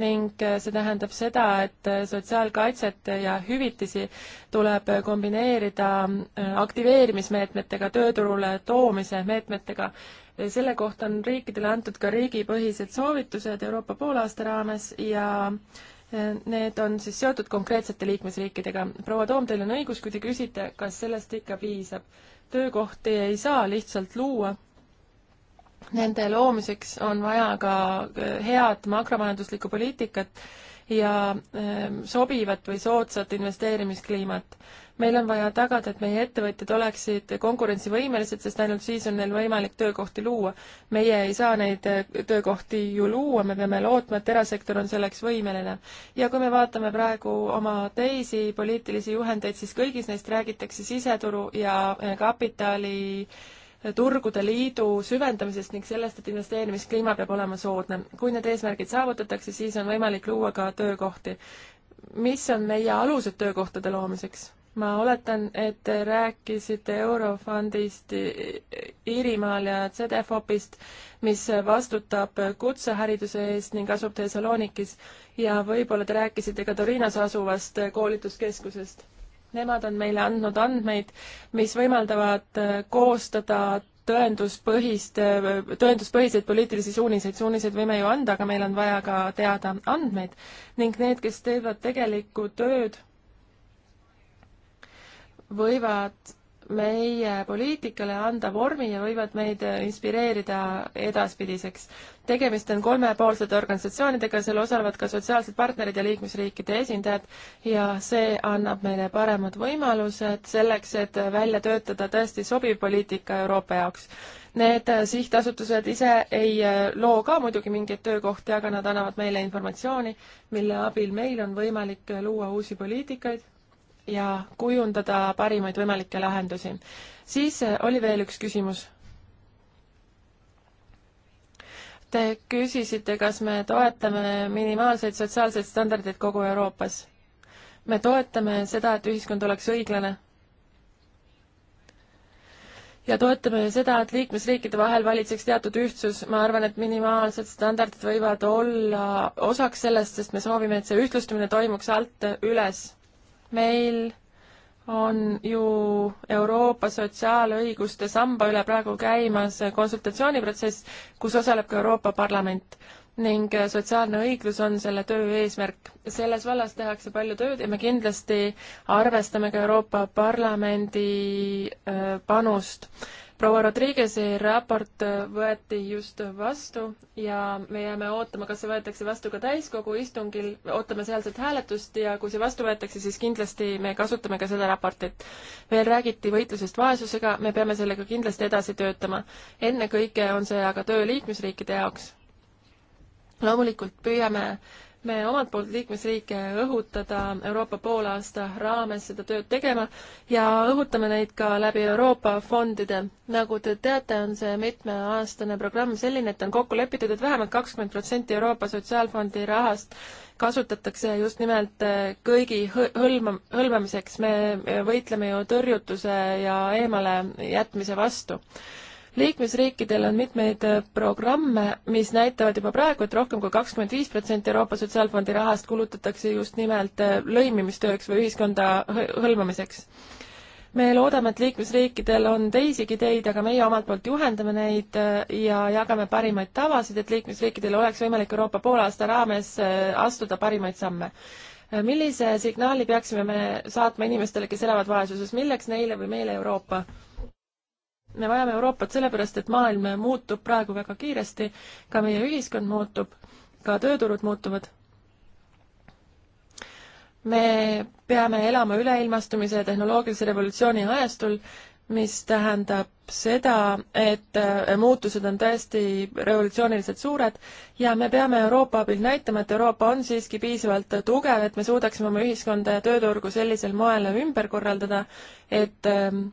Speaker 1: ning äh, see tähendab seda, et äh, sotsiaalkaitset ja hüvitisi tuleb äh, kombineerida aktiveerimismeetmetega, tööturule toomise meetmetega. selle kohta on riikidele antud ka riigipõhised soovitused Euroopa poolaasta raames ja need on siis seotud konkreetsete liikmesriikidega. proua Toom, teil on õigus, kui te küsite, kas sellest ikka piisab. töökohti ei saa lihtsalt luua Nende loomiseks on vaja ka äh, head makromajanduslikku poliitikat ja ähm, sobivat või soodsat investeerimiskliimat. meil on vaja tagada, et meie ettevõtjad oleksid konkurentsivõimelised, sest ainult siis on neil võimalik töökohti luua. meie ei saa neid äh, töökohti ju luua, me peame lootma, et erasektor on selleks võimeline. ja kui me vaatame praegu oma teisi poliitilisi juhendeid, siis kõigis neist räägitakse siseturu ja äh, kapitali äh, turgude liidu süvendamisest ning sellest, et investeerimiskliima peab olema soodne. kui need eesmärgid saavutatakse, siis on võimalik luua ka töökohti. mis on meie alused töökohtade loomiseks? ma oletan, et te rääkisite Eurofondist Iirimaal ja ZDFopist, mis vastutab kutsehariduse eest ning asub Thessalonikis ja võib-olla te rääkisite ka Torinos asuvast koolituskeskusest Nemad on meile andnud andmeid, mis võimaldavad äh, koostada tõenduspõhist, äh, tõenduspõhiseid poliitilisi suuniseid, suuniseid võime ju anda, aga meil on vaja ka teada andmeid ning need, kes teevad tegelikku tööd, võivad meie poliitikale anda vormi ja võivad meid inspireerida edaspidiseks. tegemist on kolmepoolsete organisatsioonidega, seal osalevad ka sotsiaalsed partnerid ja liikmesriikide esindajad ja see annab meile paremad võimalused selleks, et välja töötada tõesti sobiv poliitika Euroopa jaoks. Need sihtasutused ise ei loo ka muidugi mingeid töökohti, aga nad annavad meile informatsiooni, mille abil meil on võimalik luua uusi poliitikaid ja kujundada parimaid võimalikke lahendusi. siis äh, oli veel üks küsimus. Te küsisite, kas me toetame minimaalseid sotsiaalseid standardeid kogu Euroopas. me toetame seda, et ühiskond oleks õiglane. ja toetame seda, et liikmesriikide vahel valitseks teatud ühtsus. ma arvan, et minimaalsed standardid võivad olla osaks sellest, sest me soovime, et see ühtlustumine toimuks alt üles meil on ju Euroopa sotsiaalõiguste samba üle praegu käimas konsultatsiooniprotsess, kus osaleb ka Euroopa Parlament ning sotsiaalne õiglus on selle töö eesmärk. selles vallas tehakse palju tööd ja me kindlasti arvestame ka Euroopa Parlamendi äh, panust proua Rodriguez'i raport võeti just vastu ja me jääme ootama, kas see võetakse vastu ka täiskogu istungil, ootame sealset hääletust ja kui see vastu võetakse, siis kindlasti me kasutame ka seda raportit. veel räägiti võitlusest vaesusega, me peame sellega kindlasti edasi töötama. ennekõike on see aga töö liikmesriikide jaoks. loomulikult püüame me omalt poolt liikmesriike õhutada Euroopa poolaasta raames seda tööd tegema ja õhutame neid ka läbi Euroopa fondide. nagu te teate, on see mitmeaastane programm selline, et on kokku lepitud, et vähemalt kakskümmend protsenti Euroopa Sotsiaalfondi rahast kasutatakse just nimelt eh, kõigi hõlma, hõlmamiseks. me eh, võitleme ju tõrjutuse ja eemale jätmise vastu liikmesriikidel on mitmeid äh, programme, mis näitavad juba praegu, et rohkem kui kakskümmend viis protsenti Euroopa Sotsiaalfondi rahast kulutatakse just nimelt äh, lõimimistööks või ühiskonda hõlmamiseks. me loodame, et liikmesriikidel on teisigi ideid, aga meie omalt poolt juhendame neid äh, ja jagame parimaid tavasid, et liikmesriikidel oleks võimalik Euroopa poolaasta raames astuda parimaid samme millise signaali peaksime me saatma inimestele, kes elavad vaesuses, milleks neile või meile Euroopa? me vajame Euroopat sellepärast, et maailm muutub praegu väga kiiresti, ka meie ühiskond muutub, ka tööturud muutuvad. me peame elama üleilmastumise ja tehnoloogilise revolutsiooni ajastul, mis tähendab seda, et äh, muutused on tõesti revolutsiooniliselt suured ja me peame Euroopa abil näitama, et Euroopa on siiski piisavalt tugev, et me suudaksime oma ühiskonda ja tööturgu sellisel moel ümber korraldada, et ähm,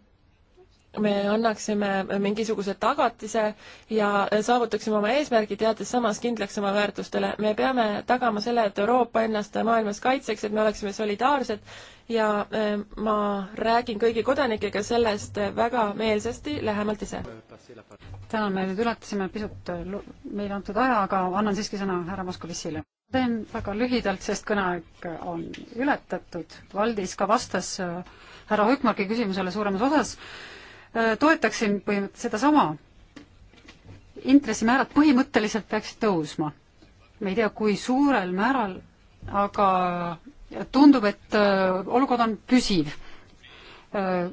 Speaker 1: me annaksime mingisuguse tagatise ja saavutaksime oma eesmärgid, jäädes samas kindlaks oma väärtustele. me peame tagama selle, et Euroopa ennast maailmas kaitseks, et me oleksime solidaarsed ja eh, ma räägin kõigi kodanikega sellest väga meelsasti lähemalt ise.
Speaker 3: tänan, me nüüd ületasime pisut eh, meile antud aja, aga annan siiski sõna härra Moskovitšile. teen väga lühidalt, sest kõneaeg on ületatud. Valdis ka vastas eh, härra Hökmarki küsimusele suuremas osas Äh, toetaksin põhimõtteliselt sedasama. intressimäärad põhimõtteliselt peaksid tõusma. me ei tea, kui suurel määral, aga tundub, et äh, olukord on püsiv, äh,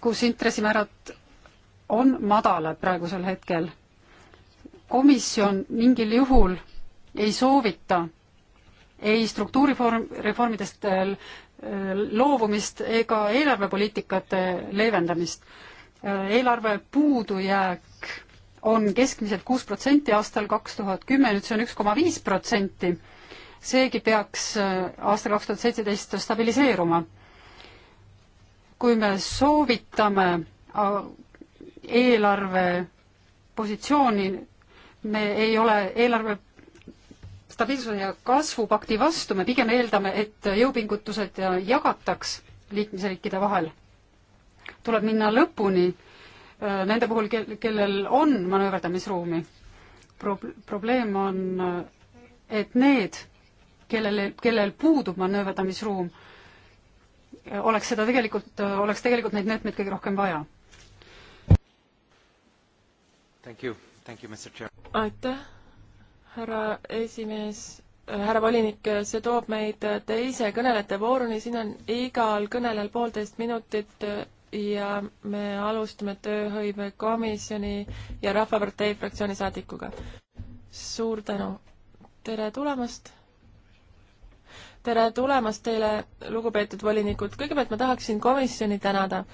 Speaker 3: kus intressimäärad on madalad praegusel hetkel. komisjon mingil juhul ei soovita ei struktuurireformidest loovumist ega eelarvepoliitikate leevendamist. eelarve puudujääk on keskmiselt kuus protsenti aastal kaks tuhat kümme, nüüd see on üks koma viis protsenti. seegi peaks äh, aastal kaks tuhat seitseteist stabiliseeruma. kui me soovitame äh, eelarve positsiooni, me ei ole eelarve stabiilsuse ja kasvupakti vastu, me pigem eeldame, et jõupingutused jagataks liikmesriikide vahel. tuleb minna lõpuni äh, nende puhul, kel, kellel on manööverdamisruumi. Pro-, probleem on, äh, et need, kellel, kellel puudub manööverdamisruum, äh, oleks seda tegelikult, oleks tegelikult neid meetmeid kõige rohkem vaja.
Speaker 1: aitäh härra esimees, härra volinik, see toob meid teise kõnelejate vooruni, siin on igal kõnelejal poolteist minutit ja me alustame tööhõivekomisjoni ja Rahvapartei fraktsiooni saadikuga. suur tänu, tere tulemast! tere tulemast teile, lugupeetud volinikud, kõigepealt ma tahaksin komisjoni tänada,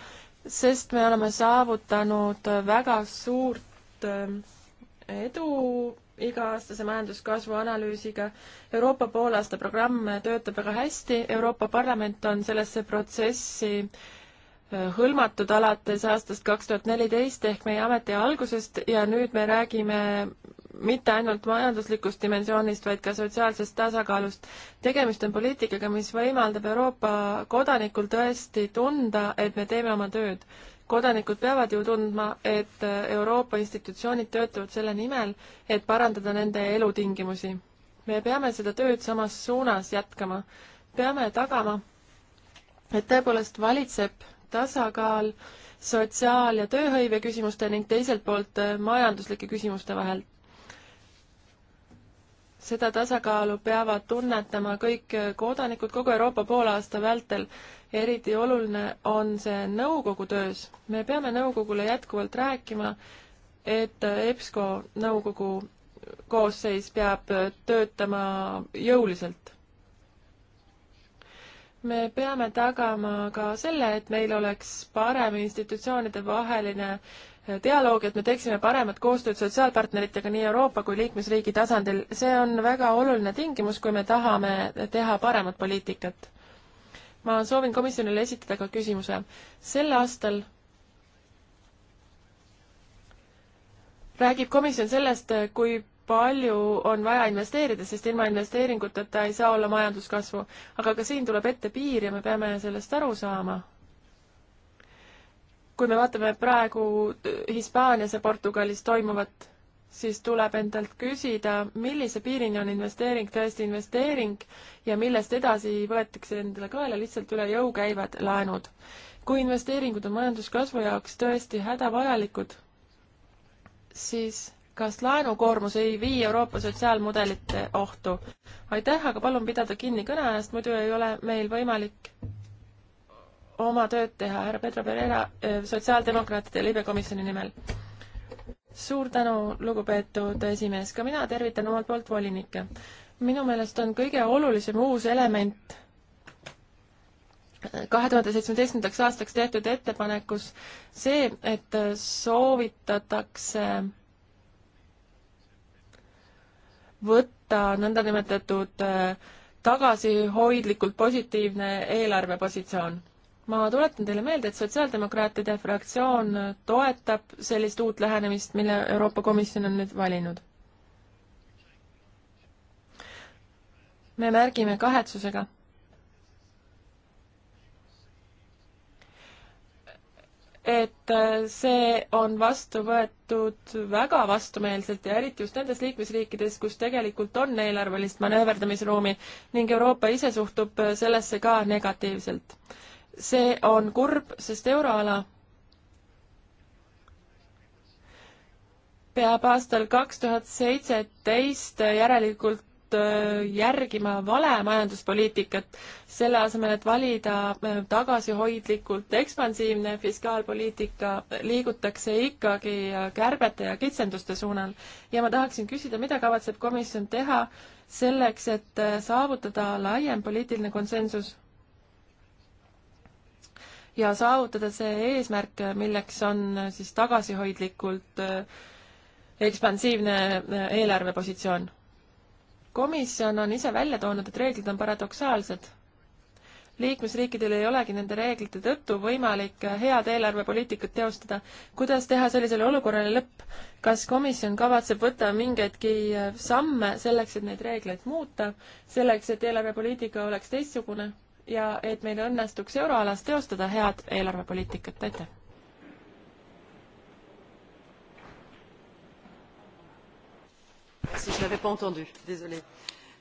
Speaker 1: sest me oleme saavutanud väga suurt edu iga-aastase majanduskasvu analüüsiga. Euroopa poolaasta programm töötab väga hästi, Euroopa Parlament on sellesse protsessi äh, hõlmatud alates aastast kaks tuhat neliteist ehk meie ameti algusest ja nüüd me räägime mitte ainult majanduslikust dimensioonist, vaid ka sotsiaalsest tasakaalust. tegemist on poliitikaga, mis võimaldab Euroopa kodanikul tõesti tunda, et me teeme oma tööd kodanikud peavad ju tundma, et Euroopa institutsioonid töötavad selle nimel, et parandada nende elutingimusi. me peame seda tööd samas suunas jätkama. peame tagama, et tõepoolest valitseb tasakaal sotsiaal- ja tööhõive küsimuste ning teiselt poolt majanduslike küsimuste vahel seda tasakaalu peavad tunnetama kõik kodanikud kogu Euroopa poolaasta vältel. eriti oluline on see nõukogu töös. me peame nõukogule jätkuvalt rääkima, et EBSCO nõukogu koosseis peab töötama jõuliselt. me peame tagama ka selle, et meil oleks parem institutsioonide vaheline äh, dialoogi, et me teeksime paremat koostööd sotsiaalpartneritega nii Euroopa kui liikmesriigi tasandil, see on väga oluline tingimus, kui me tahame teha paremat poliitikat. ma soovin komisjonile esitada ka küsimuse. sel aastal räägib komisjon sellest, kui palju on vaja investeerida, sest ilma investeeringuteta ei saa olla majanduskasvu. aga ka siin tuleb ette piir ja me peame sellest aru saama kui me vaatame praegu Hispaanias ja Portugalis toimuvat, siis tuleb endalt küsida, millise piirini on investeering tõesti investeering ja millest edasi võetakse endale kaela lihtsalt üle jõu käivad laenud. kui investeeringud on majanduskasvu jaoks tõesti hädavajalikud, siis kas laenukoormus ei vii Euroopa sotsiaalmudelit ohtu? aitäh, aga palun pidada kinni kõneajast, muidu ei ole meil võimalik oma tööd teha. härra Pedro Pereira eh, sotsiaaldemokraatide libekomisjoni nimel. suur tänu, lugupeetud esimees, ka mina tervitan omalt poolt volinikke. minu meelest on kõige olulisem uus element eh, kahe tuhande seitsmeteistkümnendaks aastaks tehtud ettepanekus see, et soovitatakse võtta nõndanimetatud eh, tagasihoidlikult positiivne eelarvepositsioon ma tuletan teile meelde, et Sotsiaaldemokraatide fraktsioon toetab sellist uut lähenemist, mille Euroopa Komisjon on nüüd valinud. me märgime kahetsusega, et see on vastu võetud väga vastumeelselt ja eriti just nendes liikmesriikides, kus tegelikult on eelarvelist manööverdamisruumi ning Euroopa ise suhtub sellesse ka negatiivselt see on kurb, sest euroala peab aastal kaks tuhat seitseteist järelikult järgima vale majanduspoliitikat, selle asemel, et valida tagasihoidlikult ekspansiivne fiskaalpoliitika, liigutakse ikkagi kärbete ja kitsenduste suunal. ja ma tahaksin küsida, mida kavatseb komisjon teha selleks, et saavutada laiem poliitiline konsensus? ja saavutada see eesmärk, milleks on äh, siis tagasihoidlikult äh, ekspansiivne äh, eelarvepositsioon. komisjon on ise välja toonud, et reeglid on paradoksaalsed. liikmesriikidel ei olegi nende reeglite tõttu võimalik head eelarvepoliitikat teostada. kuidas teha sellisele olukorrale lõpp? kas komisjon kavatseb võtta mingeidki samme selleks, et neid reegleid muuta, selleks, et eelarvepoliitika oleks teistsugune? ja et meil õnnestuks euroalas teostada head eelarvepoliitikat, aitäh!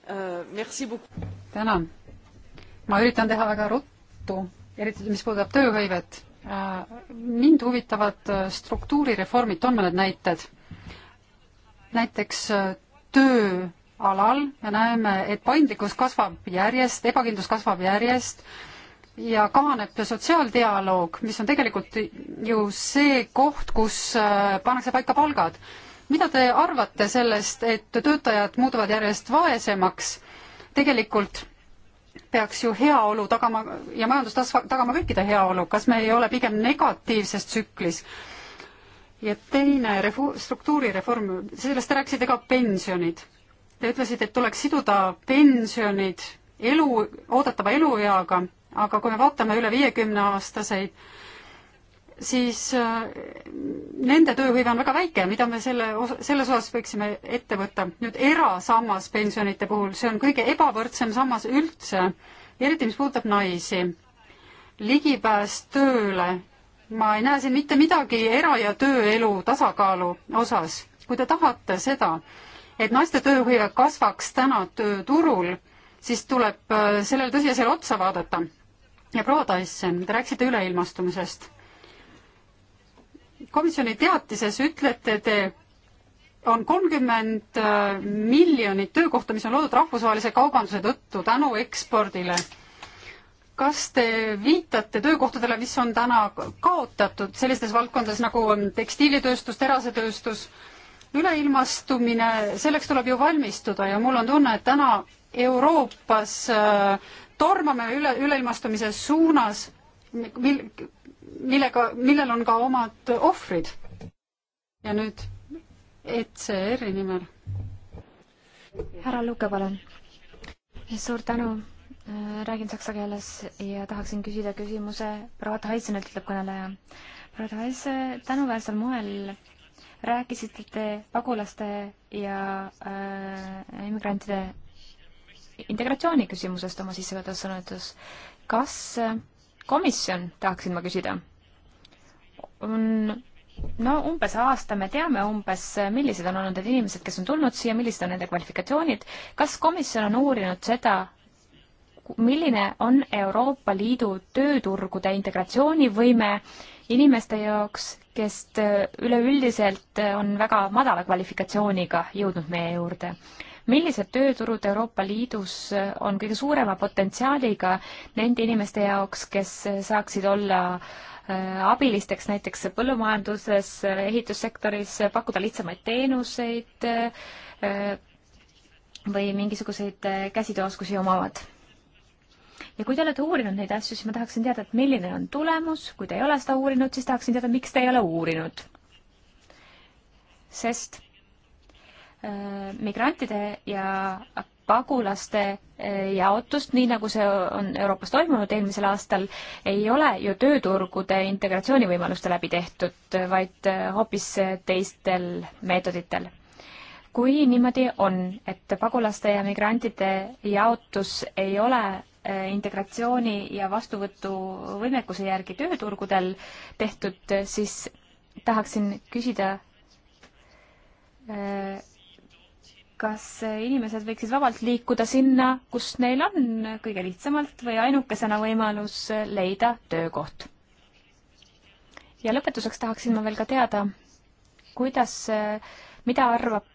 Speaker 3: Euh, tänan! ma üritan teha väga ruttu, eriti mis puudutab tööhõivet. Äh, mind huvitavad äh, struktuurireformid, toon mõned näited. näiteks äh, töö alal ja näeme, et paindlikkus kasvab järjest, ebakindlus kasvab järjest ja kahaneb sotsiaaldialoog, mis on tegelikult ju see koht, kus äh, pannakse paika palgad. mida te arvate sellest, et töötajad muutuvad järjest vaesemaks? tegelikult peaks ju heaolu tagama ja majandus tagama kõikide heaolu, kas me ei ole pigem negatiivses tsüklis? ja teine refu-, struktuurireform, sellest te rääkisite ka pensionid Te ütlesite, et tuleks siduda pensionid elu, oodatava elueaga, aga kui me vaatame üle viiekümneaastaseid, siis äh, nende tööhõive on väga väike, mida me selle, selles osas võiksime ette võtta. nüüd erasammas pensionite puhul, see on kõige ebavõrdsem sammas üldse, eriti mis puudutab naisi. ligipääs tööle, ma ei näe siin mitte midagi era- ja tööelu tasakaalu osas. kui te tahate seda, et naiste tööhõive kasvaks täna tööturul, siis tuleb äh, sellele tõsiasjale otsa vaadata. ja proua Tyson, te rääkisite üleilmastumisest. komisjoni teatises ütlete te, on kolmkümmend äh, miljonit töökohta, mis on loodud rahvusvahelise kaubanduse tõttu tänu ekspordile kas te viitate töökohtadele, mis on täna kaotatud sellistes valdkondades nagu tekstiilitööstus, terasetööstus, üleilmastumine, selleks tuleb ju valmistuda ja mul on tunne, et täna Euroopas äh, tormame üle, üleilmastumise suunas, mil-, millega, millel on ka omad ohvrid. ja nüüd ECR-i nimel.
Speaker 2: härra Luke, palun. suur tänu, räägin saksa keeles ja tahaksin küsida küsimuse proua Taisenilt, ütleb kõneleja. proua Taisen tänuväärsel moel rääkisite te pagulaste ja äh, immigrantide integratsiooni küsimusest oma sissejuhatavas sõnades. kas äh, komisjon, tahaksin ma küsida, on no umbes aasta me teame umbes, äh, millised on olnud need inimesed, kes on tulnud siia, millised on nende kvalifikatsioonid. kas komisjon on uurinud seda, milline on Euroopa Liidu tööturgude integratsioonivõime inimeste jaoks, kes äh, üleüldiselt äh, on väga madala kvalifikatsiooniga jõudnud meie juurde. millised tööturud Euroopa Liidus äh, on kõige suurema potentsiaaliga nende inimeste jaoks, kes saaksid olla abilisteks näiteks põllumajanduses, ehitussektoris, pakkuda lihtsamaid teenuseid või mingisuguseid käsitööoskusi omavad? ja kui te olete uurinud neid asju, siis ma tahaksin teada, et milline on tulemus, kui te ei ole seda uurinud, siis tahaksin teada, miks te ei ole uurinud. sest äh, migrantide ja pagulaste äh, jaotust, nii nagu see on Euroopas toimunud eelmisel aastal, ei ole ju tööturgude integratsioonivõimaluste läbi tehtud, äh, vaid äh, hoopis teistel meetoditel. kui niimoodi on, et pagulaste ja migrantide jaotus ei ole integratsiooni ja vastuvõtuvõimekuse järgi tööturgudel tehtud, siis tahaksin küsida, kas inimesed võiksid vabalt liikuda sinna, kus neil on kõige lihtsamalt või ainukesena võimalus leida töökoht? ja lõpetuseks tahaksin ma veel ka teada, kuidas, mida arvab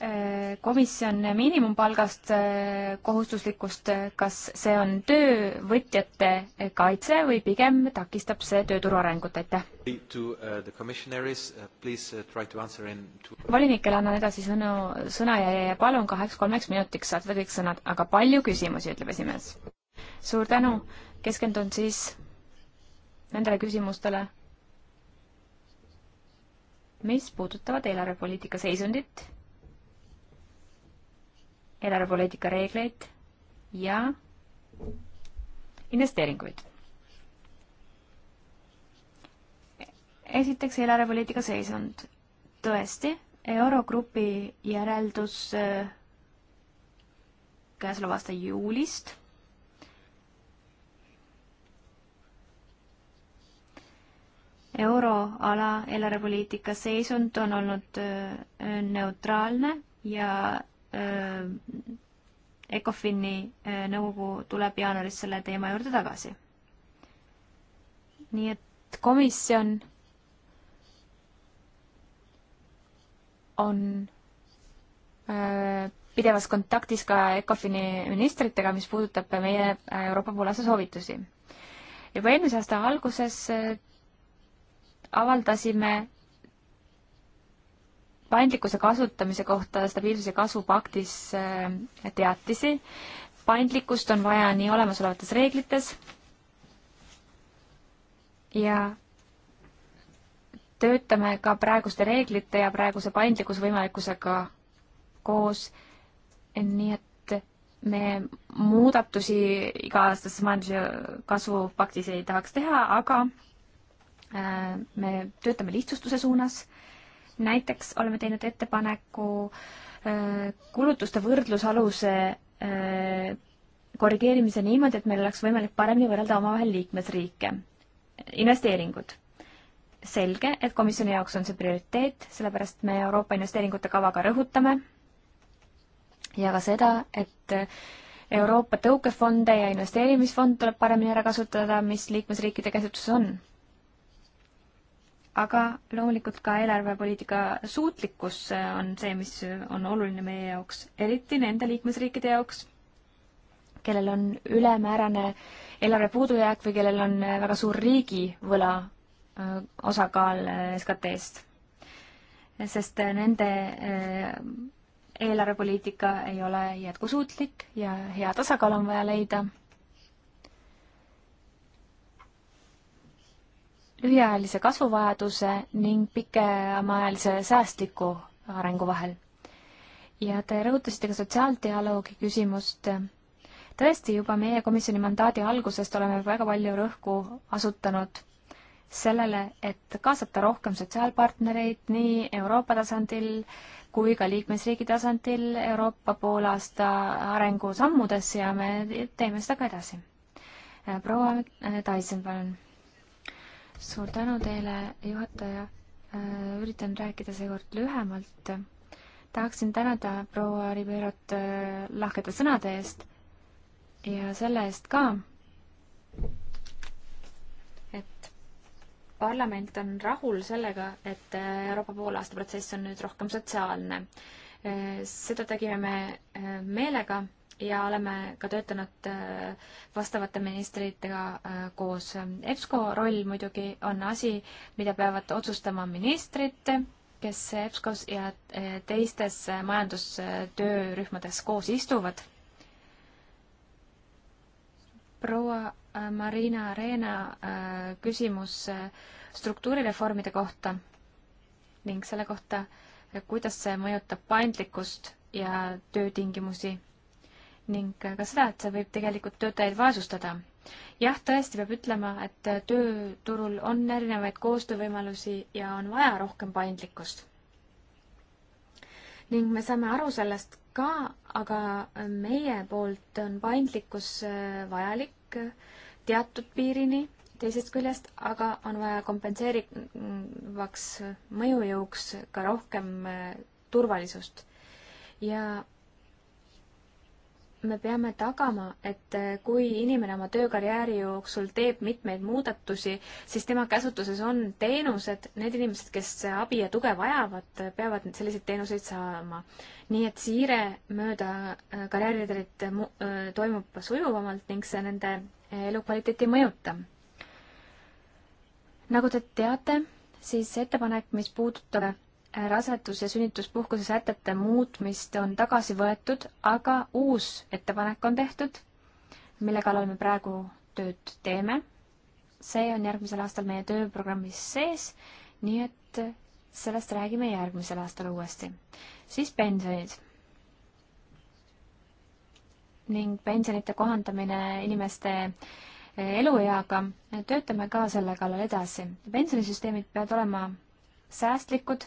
Speaker 2: Äh, komisjon miinimumpalgast äh, kohustuslikkust, äh, kas see on töövõtjate kaitse või pigem takistab see tööturu arengut, aitäh! Uh, uh, uh, volinikele annan edasi sõnu, sõna ja, ja palun kaheks-kolmeks minutiks saate kõik sõnad, aga palju küsimusi, ütleb esimees. suur tänu, keskendun siis nendele küsimustele, mis puudutavad eelarvepoliitika seisundit eelarvepoliitika reegleid ja investeeringuid. esiteks eelarvepoliitika seisund. tõesti, Eurogrupi järeldus äh, käesoleva aasta juulist euroala eelarvepoliitika seisund on olnud äh, neutraalne ja Äh, ECOFIN-i äh, nõukogu tuleb jaanuaris selle teema juurde tagasi. nii et komisjon on äh, pidevas kontaktis ka ECOFIN-i ministritega, mis puudutab meie Euroopa poolaasta soovitusi. juba eelmise aasta alguses avaldasime paindlikkuse kasutamise kohta stabiilsuse kasvupaktis äh, teatisi. paindlikkust on vaja nii olemasolevates reeglites ja töötame ka praeguste reeglite ja praeguse paindlikkusvõimalikkusega koos, nii et me muudatusi iga-aastases majandus- ja kasvupaktis ei tahaks teha, aga äh, me töötame lihtsustuse suunas näiteks oleme teinud ettepaneku äh, kulutuste võrdlusaluse äh, korrigeerimise niimoodi, et meil oleks võimalik paremini võrrelda omavahel liikmesriike. investeeringud. selge, et komisjoni jaoks on see prioriteet, sellepärast me Euroopa investeeringute kavaga rõhutame ja ka seda, et Euroopa tõukefonde ja investeerimisfond tuleb paremini ära kasutada, mis liikmesriikide käsutuses on aga loomulikult ka eelarvepoliitika suutlikkus on see, mis on oluline meie jaoks, eriti nende liikmesriikide jaoks, kellel on ülemäärane eelarve puudujääk või kellel on väga suur riigivõla äh, osakaal äh, SKT-st. sest äh, nende eelarvepoliitika ei ole jätkusuutlik ja hea tasakaal on vaja leida lühiajalise kasvuvajaduse ning pikemaajalise säästliku arengu vahel. ja te rõhutasite ka sotsiaaldialoogi küsimust. tõesti, juba meie komisjoni mandaadi algusest oleme väga palju rõhku asutanud sellele, et kaasata rohkem sotsiaalpartnereid nii Euroopa tasandil kui ka liikmesriigi tasandil Euroopa poolaasta arengusammudesse ja me teeme seda ka edasi. proua Tyson, palun suur tänu teile, juhataja. Äh, üritan rääkida seekord lühemalt. tahaksin tänada proua Ribeirot äh, lahkete sõnade eest ja selle eest ka, et parlament on rahul sellega, et äh, Euroopa poolaasta protsess on nüüd rohkem sotsiaalne. seda tegime me meelega ja oleme ka töötanud äh, vastavate ministritega äh, koos. EBSCO roll muidugi on asi, mida peavad otsustama ministrid, kes EBSCO-s ja äh, teistes majandustöörühmades koos istuvad. proua Marina Reena küsimus struktuurireformide kohta ning selle kohta, kuidas see mõjutab paindlikkust ja töötingimusi ning ka seda, et see võib tegelikult töötajaid vaesustada. jah, tõesti peab ütlema, et tööturul on erinevaid koostöövõimalusi ja on vaja rohkem paindlikkust. ning me saame aru sellest ka, aga meie poolt on paindlikkus äh, vajalik äh, teatud piirini, teisest küljest aga on vaja kompenseerivaks äh, mõjujõuks ka rohkem turvalisust. ja me peame tagama, et eh, kui inimene oma töökarjääri jooksul teeb mitmeid muudatusi, siis tema käsutuses on teenused, need inimesed, kes abi ja tuge vajavad, peavad selliseid teenuseid saama. nii et siire mööda eh, karjääriredelit eh, toimub sujuvamalt ning see nende elukvaliteeti ei mõjuta. nagu te teate, siis ettepanek, mis puudutab rasedus- ja sünnituspuhkuse sätete muutmist on tagasi võetud, aga uus ettepanek on tehtud, mille kallal me praegu tööd teeme. see on järgmisel aastal meie tööprogrammis sees, nii et sellest räägime järgmisel aastal uuesti. siis pensionid. ning pensionite kohandamine inimeste elueaga, töötame ka selle kallal edasi. pensionisüsteemid peavad olema säästlikud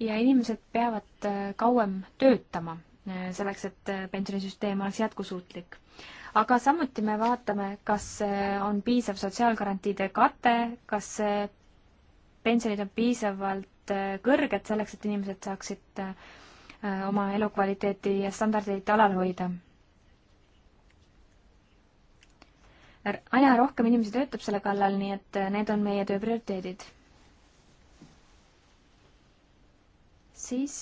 Speaker 2: ja inimesed peavad äh, kauem töötama äh, selleks, et äh, pensionisüsteem oleks jätkusuutlik. aga samuti me vaatame, kas on piisav sotsiaalgarantiide kate, kas pensionid on piisavalt kõrged selleks, et inimesed saaksid oma elukvaliteeti ja standardeid alal hoida. aina rohkem inimesi töötab selle kallal, nii et need on meie töö prioriteedid siis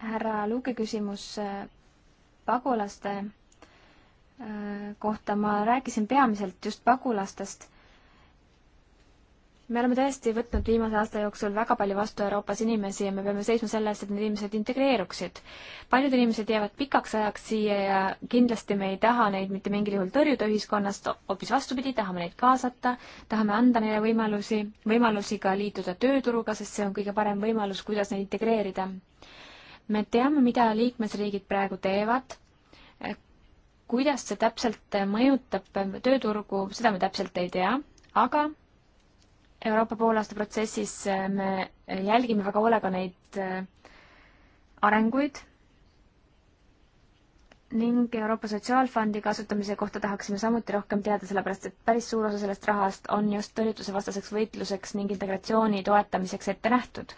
Speaker 2: härra Luuke küsimus äh, pagulaste äh, kohta ma rääkisin peamiselt just pagulastest me oleme tõesti võtnud viimase aasta jooksul väga palju vastu Euroopas inimesi ja me peame seisma selle eest, et need inimesed integreeruksid. paljud inimesed jäävad pikaks ajaks siia ja kindlasti me ei taha neid mitte mingil juhul tõrjuda ühiskonnast, hoopis vastupidi, tahame neid kaasata, tahame anda neile võimalusi, võimalusi ka liituda tööturuga, sest see on kõige parem võimalus, kuidas neid integreerida. me teame, mida liikmesriigid praegu teevad, kuidas see täpselt mõjutab tööturgu, seda me täpselt ei tea, aga Euroopa poolaasta protsessis äh, me jälgime väga hoolega neid äh, arenguid ning Euroopa Sotsiaalfondi kasutamise kohta tahaksime samuti rohkem teada, sellepärast et päris suur osa sellest rahast on just tõrjutusevastaseks võitluseks ning integratsiooni toetamiseks ette nähtud.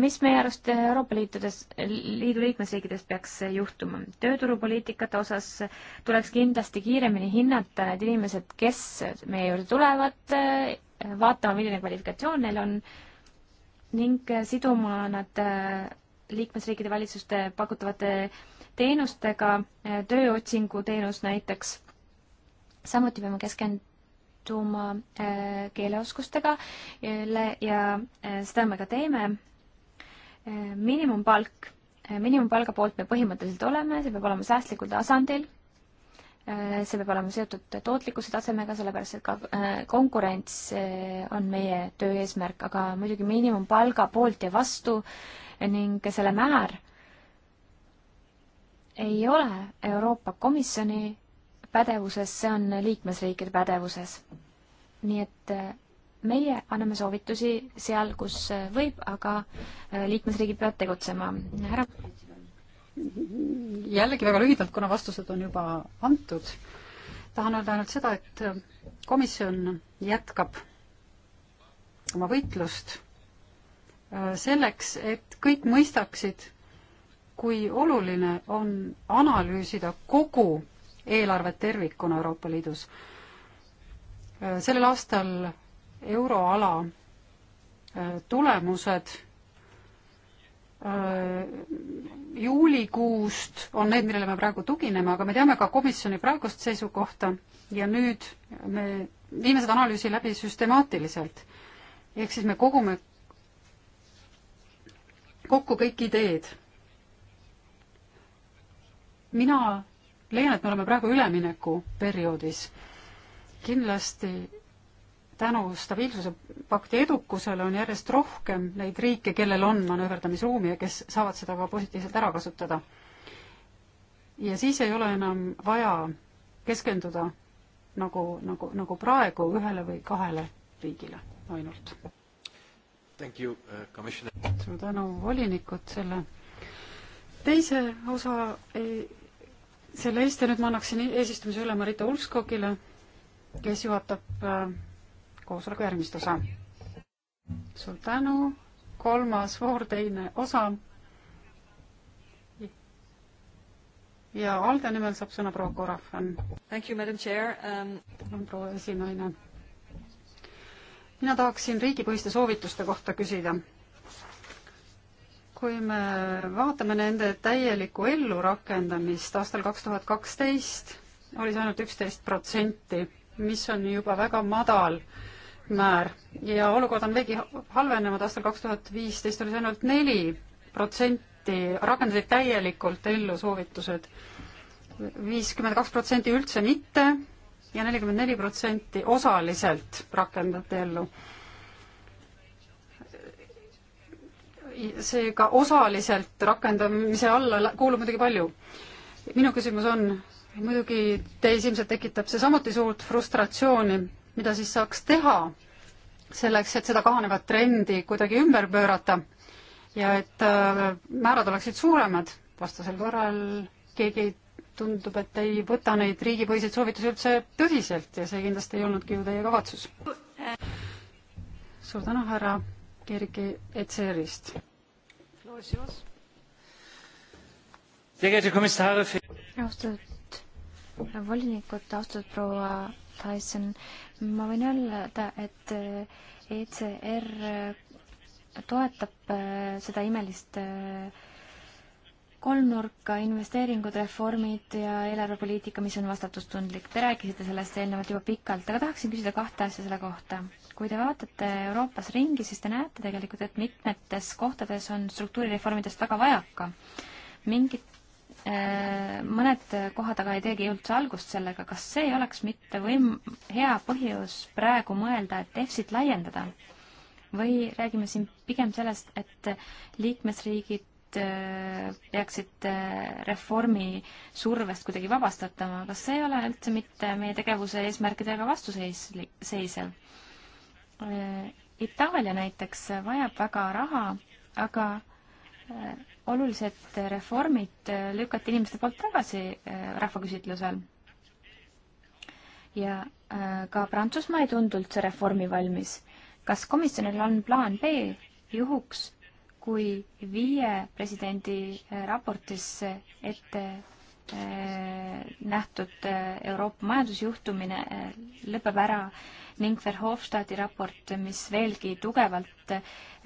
Speaker 2: mis meie arust Euroopa Liitudes, Liidu liikmesriikides peaks juhtuma? tööturupoliitikate osas tuleks kindlasti kiiremini hinnata need inimesed, kes meie juurde tulevad vaatama, milline kvalifikatsioon neil on ning siduma nad äh, liikmesriikide valitsuste pakutavate teenustega, äh, tööotsingu teenus näiteks. samuti peame keskenduma äh, keeleoskustega ja seda me ka teeme. miinimumpalk, miinimumpalga poolt me põhimõtteliselt oleme, see peab olema säästlikul tasandil Äh, see peab olema seotud tootlikkuse tasemega, sellepärast et ka äh, konkurents äh, on meie töö eesmärk, aga muidugi miinimumpalga poolt ja vastu ning selle määr ei ole Euroopa Komisjoni pädevuses, see on liikmesriikide pädevuses. nii et meie anname soovitusi seal, kus võib, aga liikmesriigid peavad tegutsema. härra
Speaker 3: jällegi väga lühidalt, kuna vastused on juba antud, tahan öelda ainult seda, et komisjon jätkab oma võitlust äh, selleks, et kõik mõistaksid, kui oluline on analüüsida kogu eelarvet tervikuna Euroopa Liidus. Äh, sellel aastal euroala äh, tulemused Äh, juulikuust on need, millele me praegu tugineme, aga me teame ka komisjoni praegust seisukohta ja nüüd me viime seda analüüsi läbi süstemaatiliselt. ehk siis me kogume kokku kõik ideed. mina leian, et me oleme praegu üleminekuperioodis. kindlasti tänu stabiilsusepakti edukusele on järjest rohkem neid riike, kellel on manööverdamisruumi ja kes saavad seda ka positiivselt ära kasutada. ja siis ei ole enam vaja keskenduda nagu, nagu, nagu praegu ühele või kahele riigile ainult. Uh, suur tänu, volinikud, selle teise osa, e, selle eest ja nüüd ma annaksin eesistumise üle Marita Ulfskogile, kes juhatab äh, koosoleku järgmist osa. suur tänu, kolmas voor, teine osa. ja Alde nimel saab sõna proua Korafan. Thank you, madam chair um.... proua esinaine. mina tahaksin riigipõhiste soovituste kohta küsida kui me vaatame nende täielikku ellurakendamist aastal kaks tuhat kaksteist, oli see ainult üksteist protsenti, mis on juba väga madal määr ja olukord on veidi halvenenud, aastal kaks tuhat viisteist oli see ainult neli protsenti, rakendasid täielikult ellu soovitused. viiskümmend kaks protsenti üldse mitte ja nelikümmend neli protsenti osaliselt rakendati ellu. seega osaliselt rakendamise alla kuulub muidugi palju. minu küsimus on, muidugi teis ilmselt tekitab see samuti suurt frustratsiooni mida siis saaks teha selleks, et seda kahanevat trendi kuidagi ümber pöörata ja et äh, määrad oleksid suuremad, vastasel korral keegi tundub, et ei võta neid riigipõhiseid soovitusi üldse tõsiselt ja see kindlasti ei olnudki ju teie kavatsus. suur tänu, härra Kirgi ECR-ist.
Speaker 2: austatud äh, volinikud, austatud proua Tyson, ma võin öelda, et äh, ECR äh, toetab äh, seda imelist kolmnurka, investeeringud, reformid ja eelarvepoliitika, mis on vastutustundlik. Te rääkisite sellest eelnevalt juba pikalt, aga tahaksin küsida kahte asja selle kohta. kui te vaatate Euroopas ringi, siis te näete tegelikult, et mitmetes kohtades on struktuurireformidest väga vajaka. mingid Äh, mõned kohad aga ei teegi üldse algust sellega, kas see ei oleks mitte võim-, hea põhjus praegu mõelda, et EFSit laiendada? või räägime siin pigem sellest, et liikmesriigid äh, peaksid äh, reformi survest kuidagi vabastatama, kas see ei ole üldse mitte meie tegevuse eesmärkidega vastuseis, seisev? Itaalia näiteks vajab väga raha, aga olulised reformid lükati inimeste poolt tagasi äh, rahvaküsitlusel. ja äh, ka Prantsusmaa ei tundu üldse reformi valmis. kas komisjonil on plaan B juhuks, kui viie presidendi äh, raportis ette Eh, nähtud eh, Euroopa majandusjuhtumine eh, lõpeb ära ning Verhofstadti raport, mis veelgi tugevalt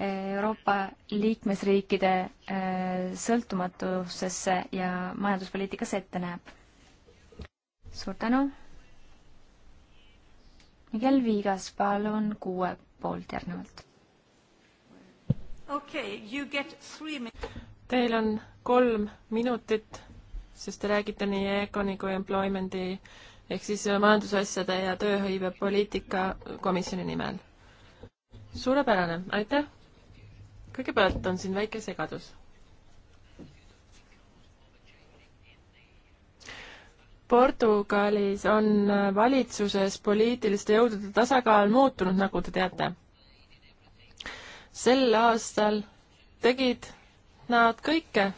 Speaker 2: Euroopa liikmesriikide sõltumatusesse ja majanduspoliitikasse ette näeb. suur tänu. Miguel Viigas, palun kuue poolt järgnevalt.
Speaker 3: okei okay,, you get three minutes.
Speaker 1: Teil on kolm minutit sest te räägite nii EKONi kui Employment'i ehk siis majandusasjade ja tööhõivepoliitika komisjoni nimel. suurepärane, aitäh! kõigepealt on siin väike segadus. Portugalis on valitsuses poliitiliste jõudude tasakaal muutunud, nagu te teate. sel aastal tegid nad kõike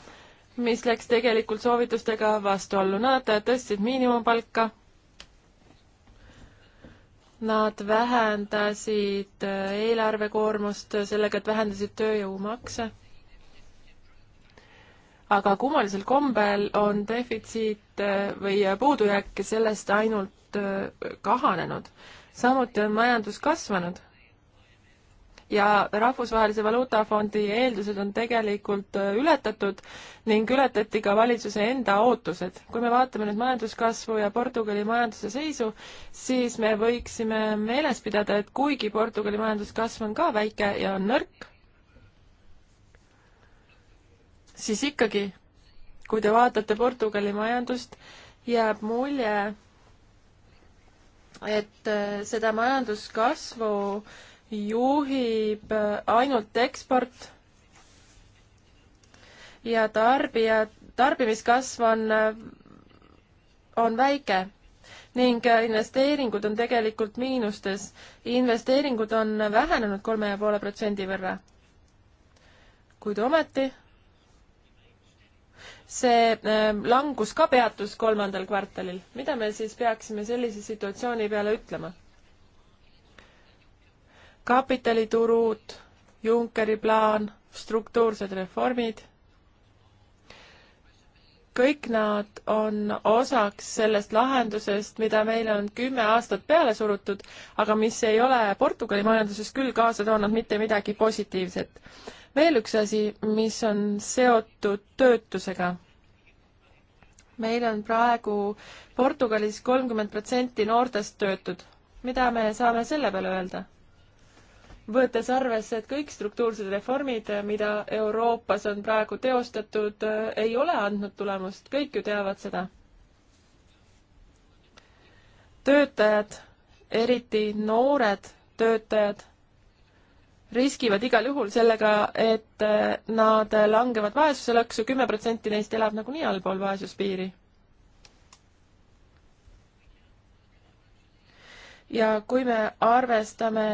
Speaker 1: mis läks tegelikult soovitustega vastuollu. õpetajad tõstsid miinimumpalka. Nad vähendasid äh, eelarvekoormust sellega, et vähendasid tööjõumakse. aga kummalisel kombel on defitsiit äh, või äh, puudujääk sellest ainult kahanenud. samuti on majandus kasvanud ja Rahvusvahelise Valuutafondi eeldused on tegelikult äh, ületatud ning ületati ka valitsuse enda ootused. kui me vaatame nüüd majanduskasvu ja Portugali majanduse seisu, siis me võiksime meeles pidada, et kuigi Portugali majanduskasv on ka väike ja on nõrk, siis ikkagi, kui te vaatate Portugali majandust, jääb mulje, et äh, seda majanduskasvu äh, juhib äh, ainult eksport ja tarbija, tarbimiskasv on, äh, on väike ning äh, investeeringud on tegelikult miinustes. investeeringud on vähenenud kolme ja poole protsendi võrra. kuid ometi see langus ka peatus kolmandal kvartalil. mida me siis peaksime sellise situatsiooni peale ütlema? kapitaliturud, Junckeri plaan, struktuursed reformid, kõik nad on osaks sellest lahendusest, mida meile on kümme aastat peale surutud, aga mis ei ole Portugali majanduses küll kaasa toonud mitte midagi positiivset. veel üks asi, mis on seotud töötusega. meil on praegu Portugalis kolmkümmend protsenti noortest töötud. mida me saame selle peale öelda? võttes arvesse, et kõik struktuursed reformid, mida Euroopas on praegu teostatud, ei ole andnud tulemust, kõik ju teavad seda. töötajad, eriti noored töötajad, riskivad igal juhul sellega, et nad langevad vaesuse lõksu, kümme protsenti neist elab nagunii allpool vaesuspiiri ja kui me arvestame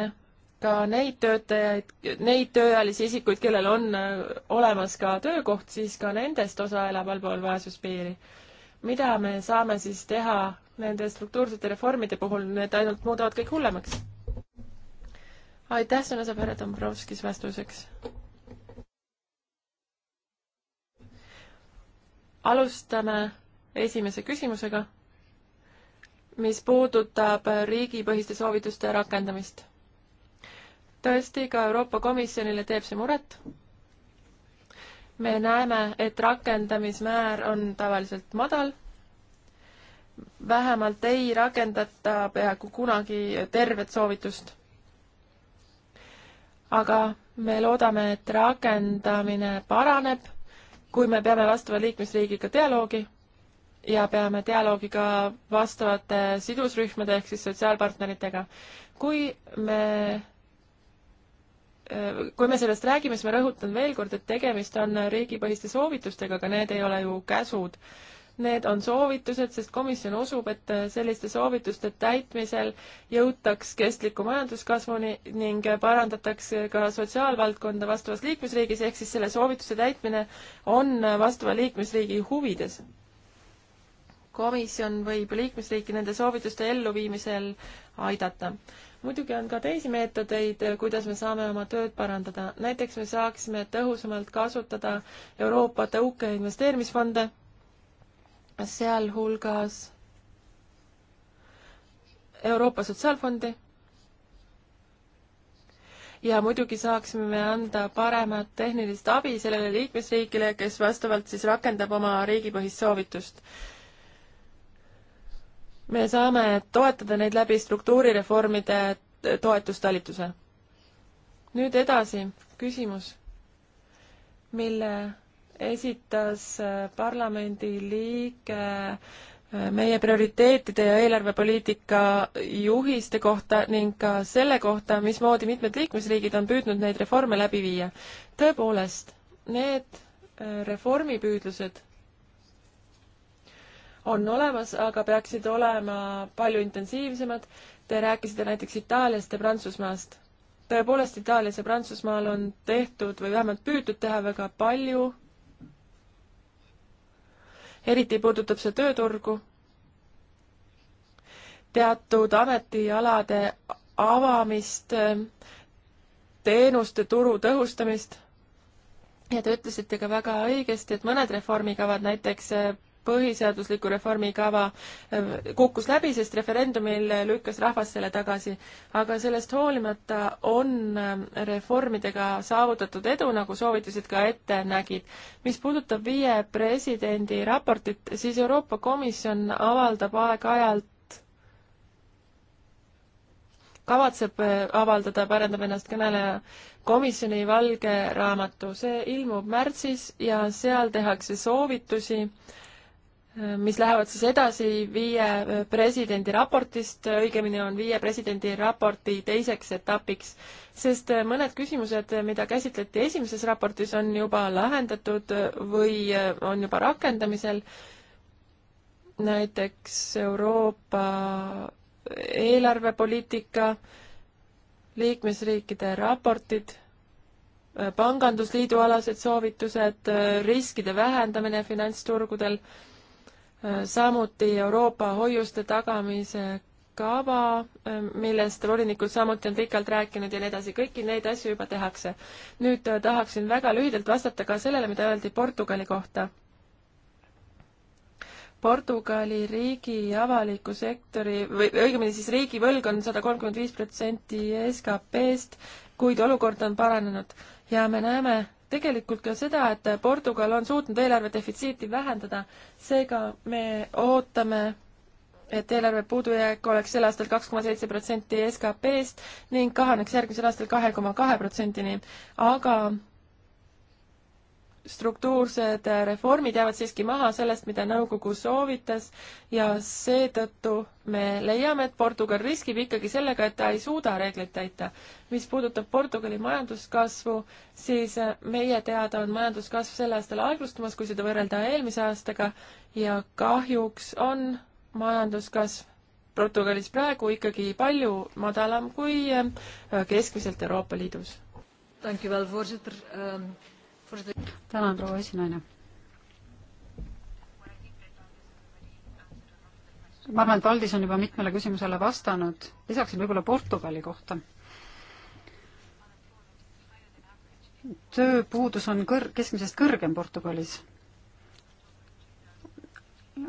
Speaker 1: ka neid töötajaid, neid tööealisi isikuid, kellel on äh, olemas ka töökoht, siis ka nendest osa elab allpool vaesuspiiri. mida me saame siis teha nende struktuursete reformide puhul, need ainult muudavad kõik hullemaks? aitäh, sõna saab härra Dombrovskis vastuseks. alustame esimese küsimusega, mis puudutab riigipõhiste soovituste rakendamist tõesti, ka Euroopa Komisjonile teeb see muret. me näeme, et rakendamismäär on tavaliselt madal. vähemalt ei rakendata peaaegu kunagi tervet soovitust. aga me loodame, et rakendamine paraneb, kui me peame vastava liikmesriigiga dialoogi ja peame dialoogi ka vastavate sidusrühmade ehk siis sotsiaalpartneritega. kui me kui me sellest räägime, siis ma rõhutan veel kord, et tegemist on riigipõhiste soovitustega, aga need ei ole ju käsud. Need on soovitused, sest komisjon usub, et selliste soovituste täitmisel jõutaks kestliku majanduskasvuni ning parandatakse ka sotsiaalvaldkonda vastavas liikmesriigis, ehk siis selle soovituse täitmine on vastava liikmesriigi huvides. komisjon võib liikmesriiki nende soovituste elluviimisel aidata muidugi on ka teisi meetodeid, kuidas me saame oma tööd parandada. näiteks me saaksime tõhusamalt kasutada Euroopa tõuke investeerimisfonde, sealhulgas Euroopa Sotsiaalfondi ja muidugi saaksime me anda paremat tehnilist abi sellele liikmesriigile, kes vastavalt siis rakendab oma riigipõhist soovitust me saame toetada neid läbi struktuurireformide toetustalituse. nüüd edasi küsimus, mille esitas äh, parlamendi liige äh, meie prioriteetide ja eelarvepoliitika juhiste kohta ning ka selle kohta, mismoodi mitmed liikmesriigid on püüdnud neid reforme läbi viia. tõepoolest, need äh, reformipüüdlused on olemas, aga peaksid olema palju intensiivsemad. Te rääkisite näiteks Itaaliast ja Prantsusmaast. tõepoolest, Itaalias ja Prantsusmaal on tehtud või vähemalt püütud teha väga palju. eriti puudutab see tööturgu. teatud ametialade avamist, teenuste turu tõhustamist ja te ütlesite ka väga õigesti, et mõned reformikavad, näiteks põhiseadusliku reformi kava äh, kukkus läbi, sest referendumil lükkas rahvas selle tagasi. aga sellest hoolimata on äh, reformidega saavutatud edu, nagu soovitused ka ette nägid. mis puudutab viie presidendi raportit, siis Euroopa Komisjon avaldab aeg-ajalt kavatseb äh, avaldada, parandab ennast kõneleja, komisjoni valge raamatu. see ilmub märtsis ja seal tehakse soovitusi äh, mis lähevad siis edasi viie äh, presidendi raportist, äh, õigemini on viie presidendi raporti teiseks etapiks, sest äh, mõned küsimused, mida käsitleti esimeses raportis, on juba lahendatud või on juba rakendamisel, näiteks Euroopa eelarvepoliitika, liikmesriikide raportid, pangandusliidu alased soovitused, riskide vähendamine finantsturgudel samuti Euroopa hoiuste tagamise kava, millest volinikud samuti on pikalt rääkinud ja nii edasi, kõiki neid asju juba tehakse. nüüd äh, tahaksin väga lühidalt vastata ka sellele, mida öeldi Portugali kohta. Portugali riigi avaliku sektori või õigemini siis riigivõlg on sada kolmkümmend viis protsenti SKP-st, kuid olukord on paranenud ja me näeme, tegelikult ka seda, et Portugal on suutnud eelarve defitsiiti vähendada, seega me ootame et eelarve puudujääk oleks sel aastal kaks koma seitse protsenti SKP-st ning kahaneks järgmisel aastal kahe koma kahe protsendini, aga struktuursed äh, reformid jäävad siiski maha sellest, mida nõukogu soovitas ja seetõttu me leiame, et Portugal riskib ikkagi sellega, et ta ei suuda reegleid täita. mis puudutab Portugali majanduskasvu, siis äh, meie teada on majanduskasv sel aastal aeglustumas, kui seda võrrelda eelmise aastaga ja kahjuks on majanduskasv Portugalis praegu ikkagi palju madalam kui äh, keskmiselt Euroopa Liidus.
Speaker 2: tänan, härra juhataja
Speaker 3: tänan,
Speaker 1: proua esinaine.
Speaker 3: ma arvan, et Valdis on juba mitmele küsimusele vastanud, lisaksin võib-olla Portugali kohta. tööpuudus on kõr-, keskmisest kõrgem Portugalis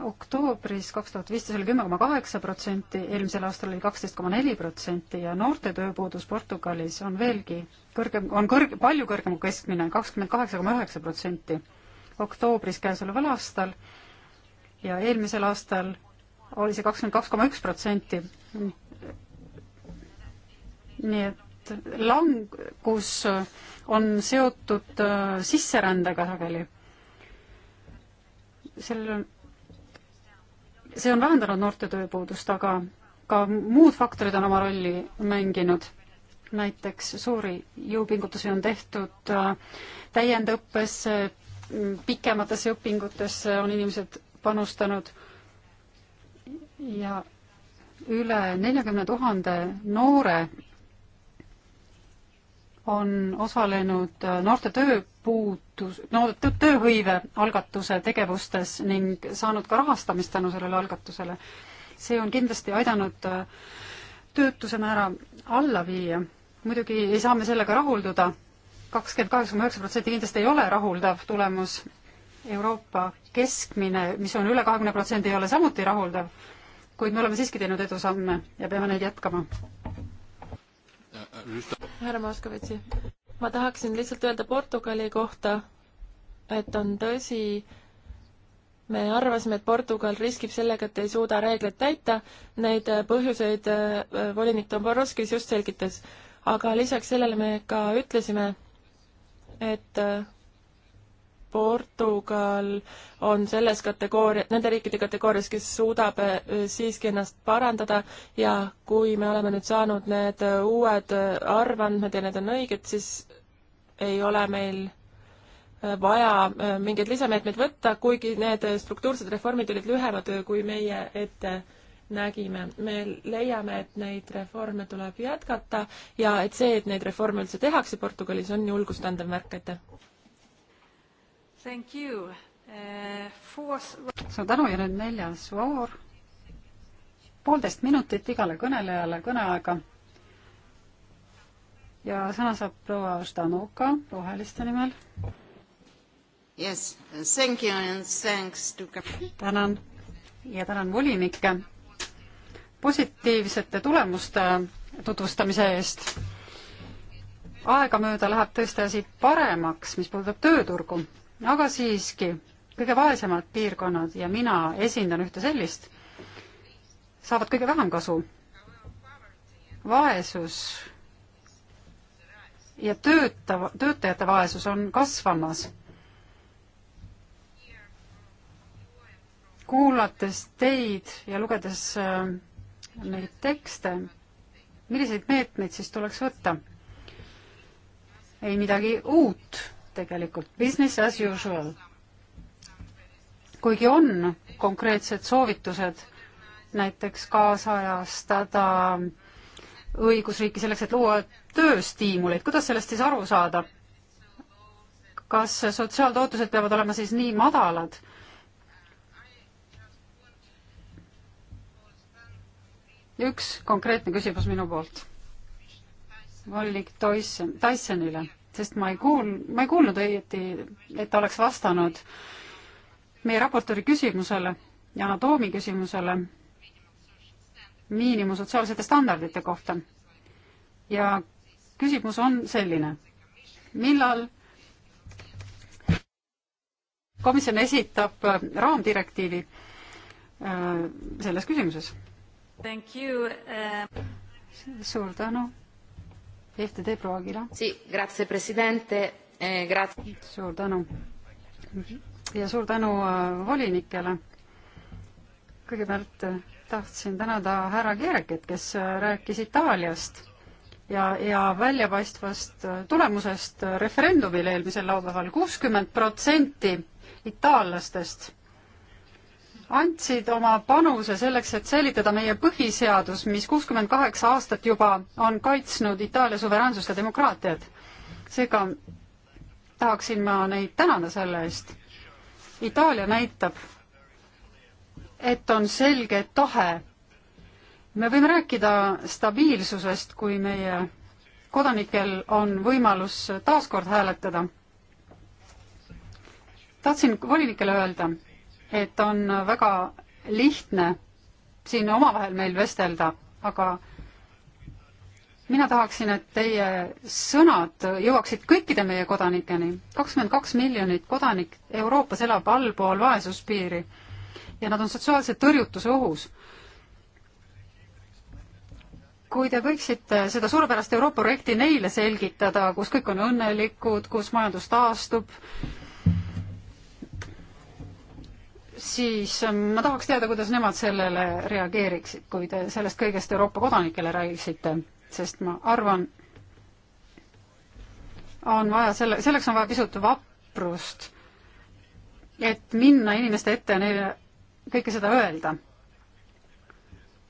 Speaker 3: oktoobris kaks tuhat viisteist oli kümme koma kaheksa protsenti, eelmisel aastal oli kaksteist koma neli protsenti ja noorte tööpuudus Portugalis on veelgi kõrgem, on kõrg-, palju kõrgem kui keskmine, kakskümmend kaheksa koma üheksa protsenti oktoobris käesoleval aastal ja eelmisel aastal oli see kakskümmend kaks koma üks protsenti. nii et langus on seotud äh, sisserändega sageli. sellel on see on vähendanud noorte tööpuudust, aga ka muud faktorid on oma rolli mänginud. näiteks suuri jõupingutusi on tehtud äh, täiendõppes, pikematesse õpingutesse on inimesed panustanud ja üle neljakümne tuhande noore on osalenud äh, noorte tööpuutus, no tööhõive algatuse tegevustes ning saanud ka rahastamist tänu sellele algatusele. see on kindlasti aidanud äh, töötuse määra alla viia. muidugi ei saa me sellega rahulduda, kakskümmend kaheksa koma üheksa protsenti kindlasti ei ole rahuldav tulemus, Euroopa keskmine, mis on üle kahekümne protsendi, ei ole samuti rahuldav, kuid me oleme siiski teinud edusamme ja peame neid jätkama
Speaker 1: härra Moskovitši, ma tahaksin lihtsalt öelda Portugali kohta, et on tõsi, me arvasime, et Portugal riskib sellega, et ei suuda reegleid täita, neid äh, põhjuseid äh, äh, volinik Dombrovskis just selgitas. aga lisaks sellele me ka ütlesime, et Portugal on selles kategooria, nende riikide kategoorias, kes suudab äh, siiski ennast parandada ja kui me oleme nüüd saanud need äh, uued äh, arvandmed ja need on õiged, siis ei ole meil vaja mingeid lisameetmeid võtta, kuigi need struktuursed reformid olid lühemad, kui meie ette nägime. me leiame, et neid reforme tuleb jätkata ja et see, et neid reforme üldse tehakse Portugalis, on julgustandev märk, aitäh!
Speaker 3: Eh, suur tänu ja
Speaker 1: nüüd neljas voor.
Speaker 3: poolteist minutit igale kõnelejale kõneaega. ja sõna saab proua Ždanuka Roheliste nimel. Yes, thank you and thanks to tänan ja tänan volinikke positiivsete tulemuste tutvustamise eest. aegamööda läheb tõesti asi paremaks, mis puudutab tööturgu aga siiski, kõige vaesemad piirkonnad ja mina esindan ühte sellist, saavad kõige vähem kasu. vaesus ja töötav, töötajate vaesus on kasvamas. kuulates teid ja lugedes äh, neid tekste, milliseid meetmeid siis tuleks võtta? ei midagi uut tegelikult business as usual. kuigi on konkreetsed soovitused näiteks kaasajastada õigusriiki selleks, et luua tööstiimuleid, kuidas sellest siis aru saada? kas sotsiaaltootused peavad olema siis nii madalad? üks konkreetne küsimus minu poolt. volinik Tyson, Tysonile sest ma ei kuul-, ma ei kuulnud õieti, et ta oleks vastanud meie raportööri küsimusele, Yana Toomi küsimusele miinimumsotsiaalsete standardite kohta. ja küsimus on selline, millal komisjon esitab raamdirektiivi äh, selles küsimuses?
Speaker 2: Äh.
Speaker 3: suur tänu FTD proua Kila. suur tänu ja suur tänu äh, volinikele. kõigepealt äh, tahtsin tänada härra Kerget, kes äh, rääkis Itaaliast ja, ja väljapaistvast tulemusest referendumil eelmisel laupäeval. kuuskümmend protsenti itaallastest andsid oma panuse selleks, et säilitada meie põhiseadus, mis kuuskümmend kaheksa aastat juba on kaitsnud Itaalia suveräänsust ja demokraatiat. seega tahaksin ma neid tänada selle eest. Itaalia näitab, et on selge tahe. me võime rääkida stabiilsusest, kui meie kodanikel on võimalus taaskord hääletada. tahtsin volinikele öelda, et on väga lihtne siin omavahel meil vestelda, aga mina tahaksin, et teie sõnad jõuaksid kõikide meie kodanikeni. kakskümmend kaks miljonit kodanik Euroopas elab allpool vaesuspiiri ja nad on sotsiaalse tõrjutuse ohus. kui te võiksite seda suurepärast Euroopa projekti neile selgitada, kus kõik on õnnelikud, kus majandus taastub, siis ähm, ma tahaks teada, kuidas nemad sellele reageeriksid, kui te sellest kõigest Euroopa kodanikele räägiksite, sest ma arvan, on vaja selle, selleks on vaja pisut vaprust, et minna inimeste ette ja neile kõike seda öelda.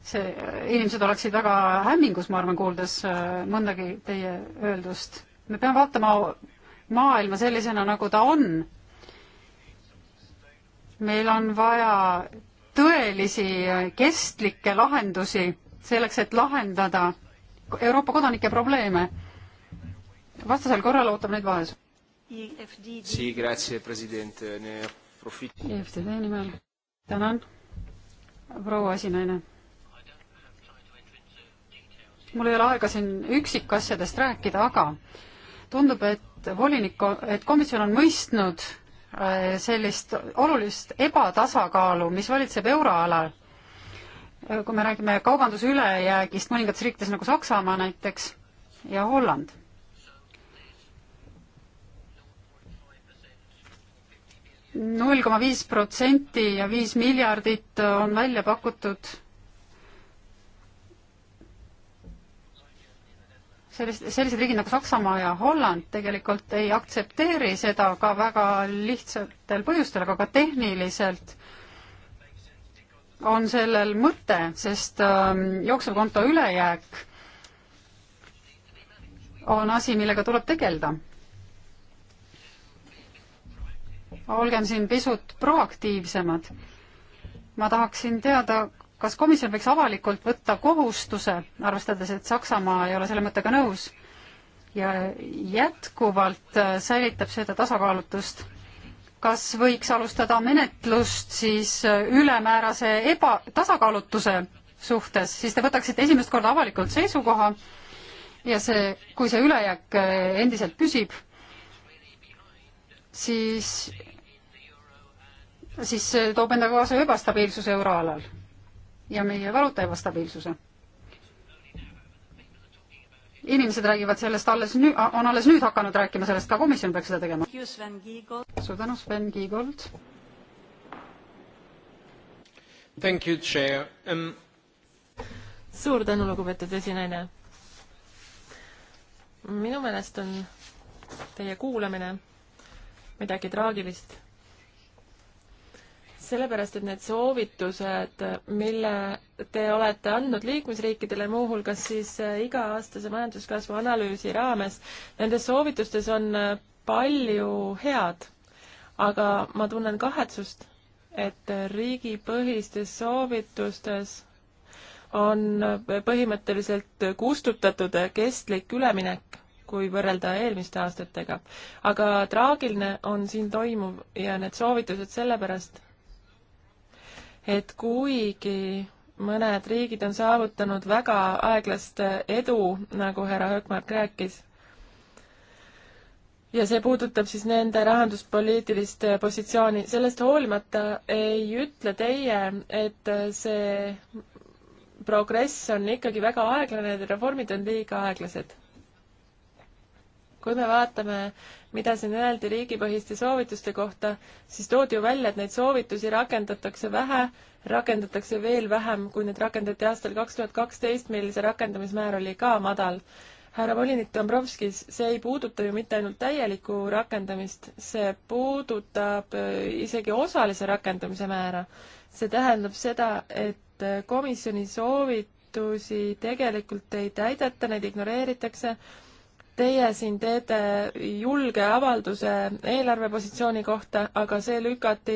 Speaker 3: see, äh, inimesed oleksid väga hämmingus, ma arvan, kuuldes äh, mõndagi teie öeldust. me peame vaatama maailma sellisena, nagu ta on meil on vaja tõelisi kestlikke lahendusi selleks, et lahendada Euroopa kodanike probleeme. vastasel korral ootab neid vaes. E EFTD nimel tänan, proua esinaine. mul ei ole aega siin üksikasjadest rääkida, aga tundub, et volinik, et komisjon on mõistnud Äh, sellist olulist ebatasakaalu, mis valitseb euroalal. Äh, kui me räägime kaubanduse ülejäägist mõningates riikides nagu Saksamaa näiteks ja Holland. null koma viis protsenti ja viis miljardit on välja pakutud sellist, sellised riigid nagu Saksamaa ja Holland tegelikult ei aktsepteeri seda ka väga lihtsatel põhjustel, aga ka tehniliselt on sellel mõte, sest äh, jooksevkonto ülejääk on asi, millega tuleb tegeleda. olgem siin pisut proaktiivsemad. ma tahaksin teada, kas komisjon võiks avalikult võtta kohustuse, arvestades, et Saksamaa ei ole selle mõttega nõus ja jätkuvalt äh, säilitab seda tasakaalutust, kas võiks alustada menetlust siis äh, ülemäärase eba, tasakaalutuse suhtes, siis te võtaksite esimest korda avalikult seisukoha ja see, kui see ülejääk äh, endiselt püsib, siis, siis see toob endaga kaasa ebastabiilsuse euroalal ja meie valuuta ebastabiilsuse. inimesed räägivad sellest alles nüüd, on alles nüüd hakanud rääkima sellest, ka komisjon peaks seda tegema. suur tänu, Sven Kiigold.
Speaker 2: Thank you, chair um....
Speaker 1: suur tänu, lugupeetud esinaine. minu meelest on teie kuulamine midagi traagilist sellepärast, et need soovitused, mille te olete andnud liikmesriikidele, muuhulgas siis äh, iga-aastase majanduskasvu analüüsi raames, nendes soovitustes on äh, palju head, aga ma tunnen kahetsust, et äh, riigipõhistes soovitustes on põhimõtteliselt kustutatud kestlik üleminek kui võrrelda eelmiste aastatega. aga traagiline on siin toimuv ja need soovitused sellepärast, et kuigi mõned riigid on saavutanud väga aeglast edu, nagu härra Hökmark rääkis, ja see puudutab siis nende rahanduspoliitilist positsiooni, sellest hoolimata ei ütle teie, et see progress on ikkagi väga aeglane, need reformid on liiga aeglased. kui me vaatame mida siin öeldi riigipõhiste soovituste kohta, siis toodi ju välja, et neid soovitusi rakendatakse vähe, rakendatakse veel vähem, kui neid rakendati aastal kaks tuhat kaksteist, mil see rakendamismäär oli ka madal. härra volinik Dombrovskis, see ei puuduta ju mitte ainult täielikku rakendamist, see puudutab äh, isegi osalise rakendamise määra. see tähendab seda, et äh, komisjoni soovitusi tegelikult ei täideta, neid ignoreeritakse Teie siin teete julge avalduse eelarvepositsiooni kohta, aga see lükati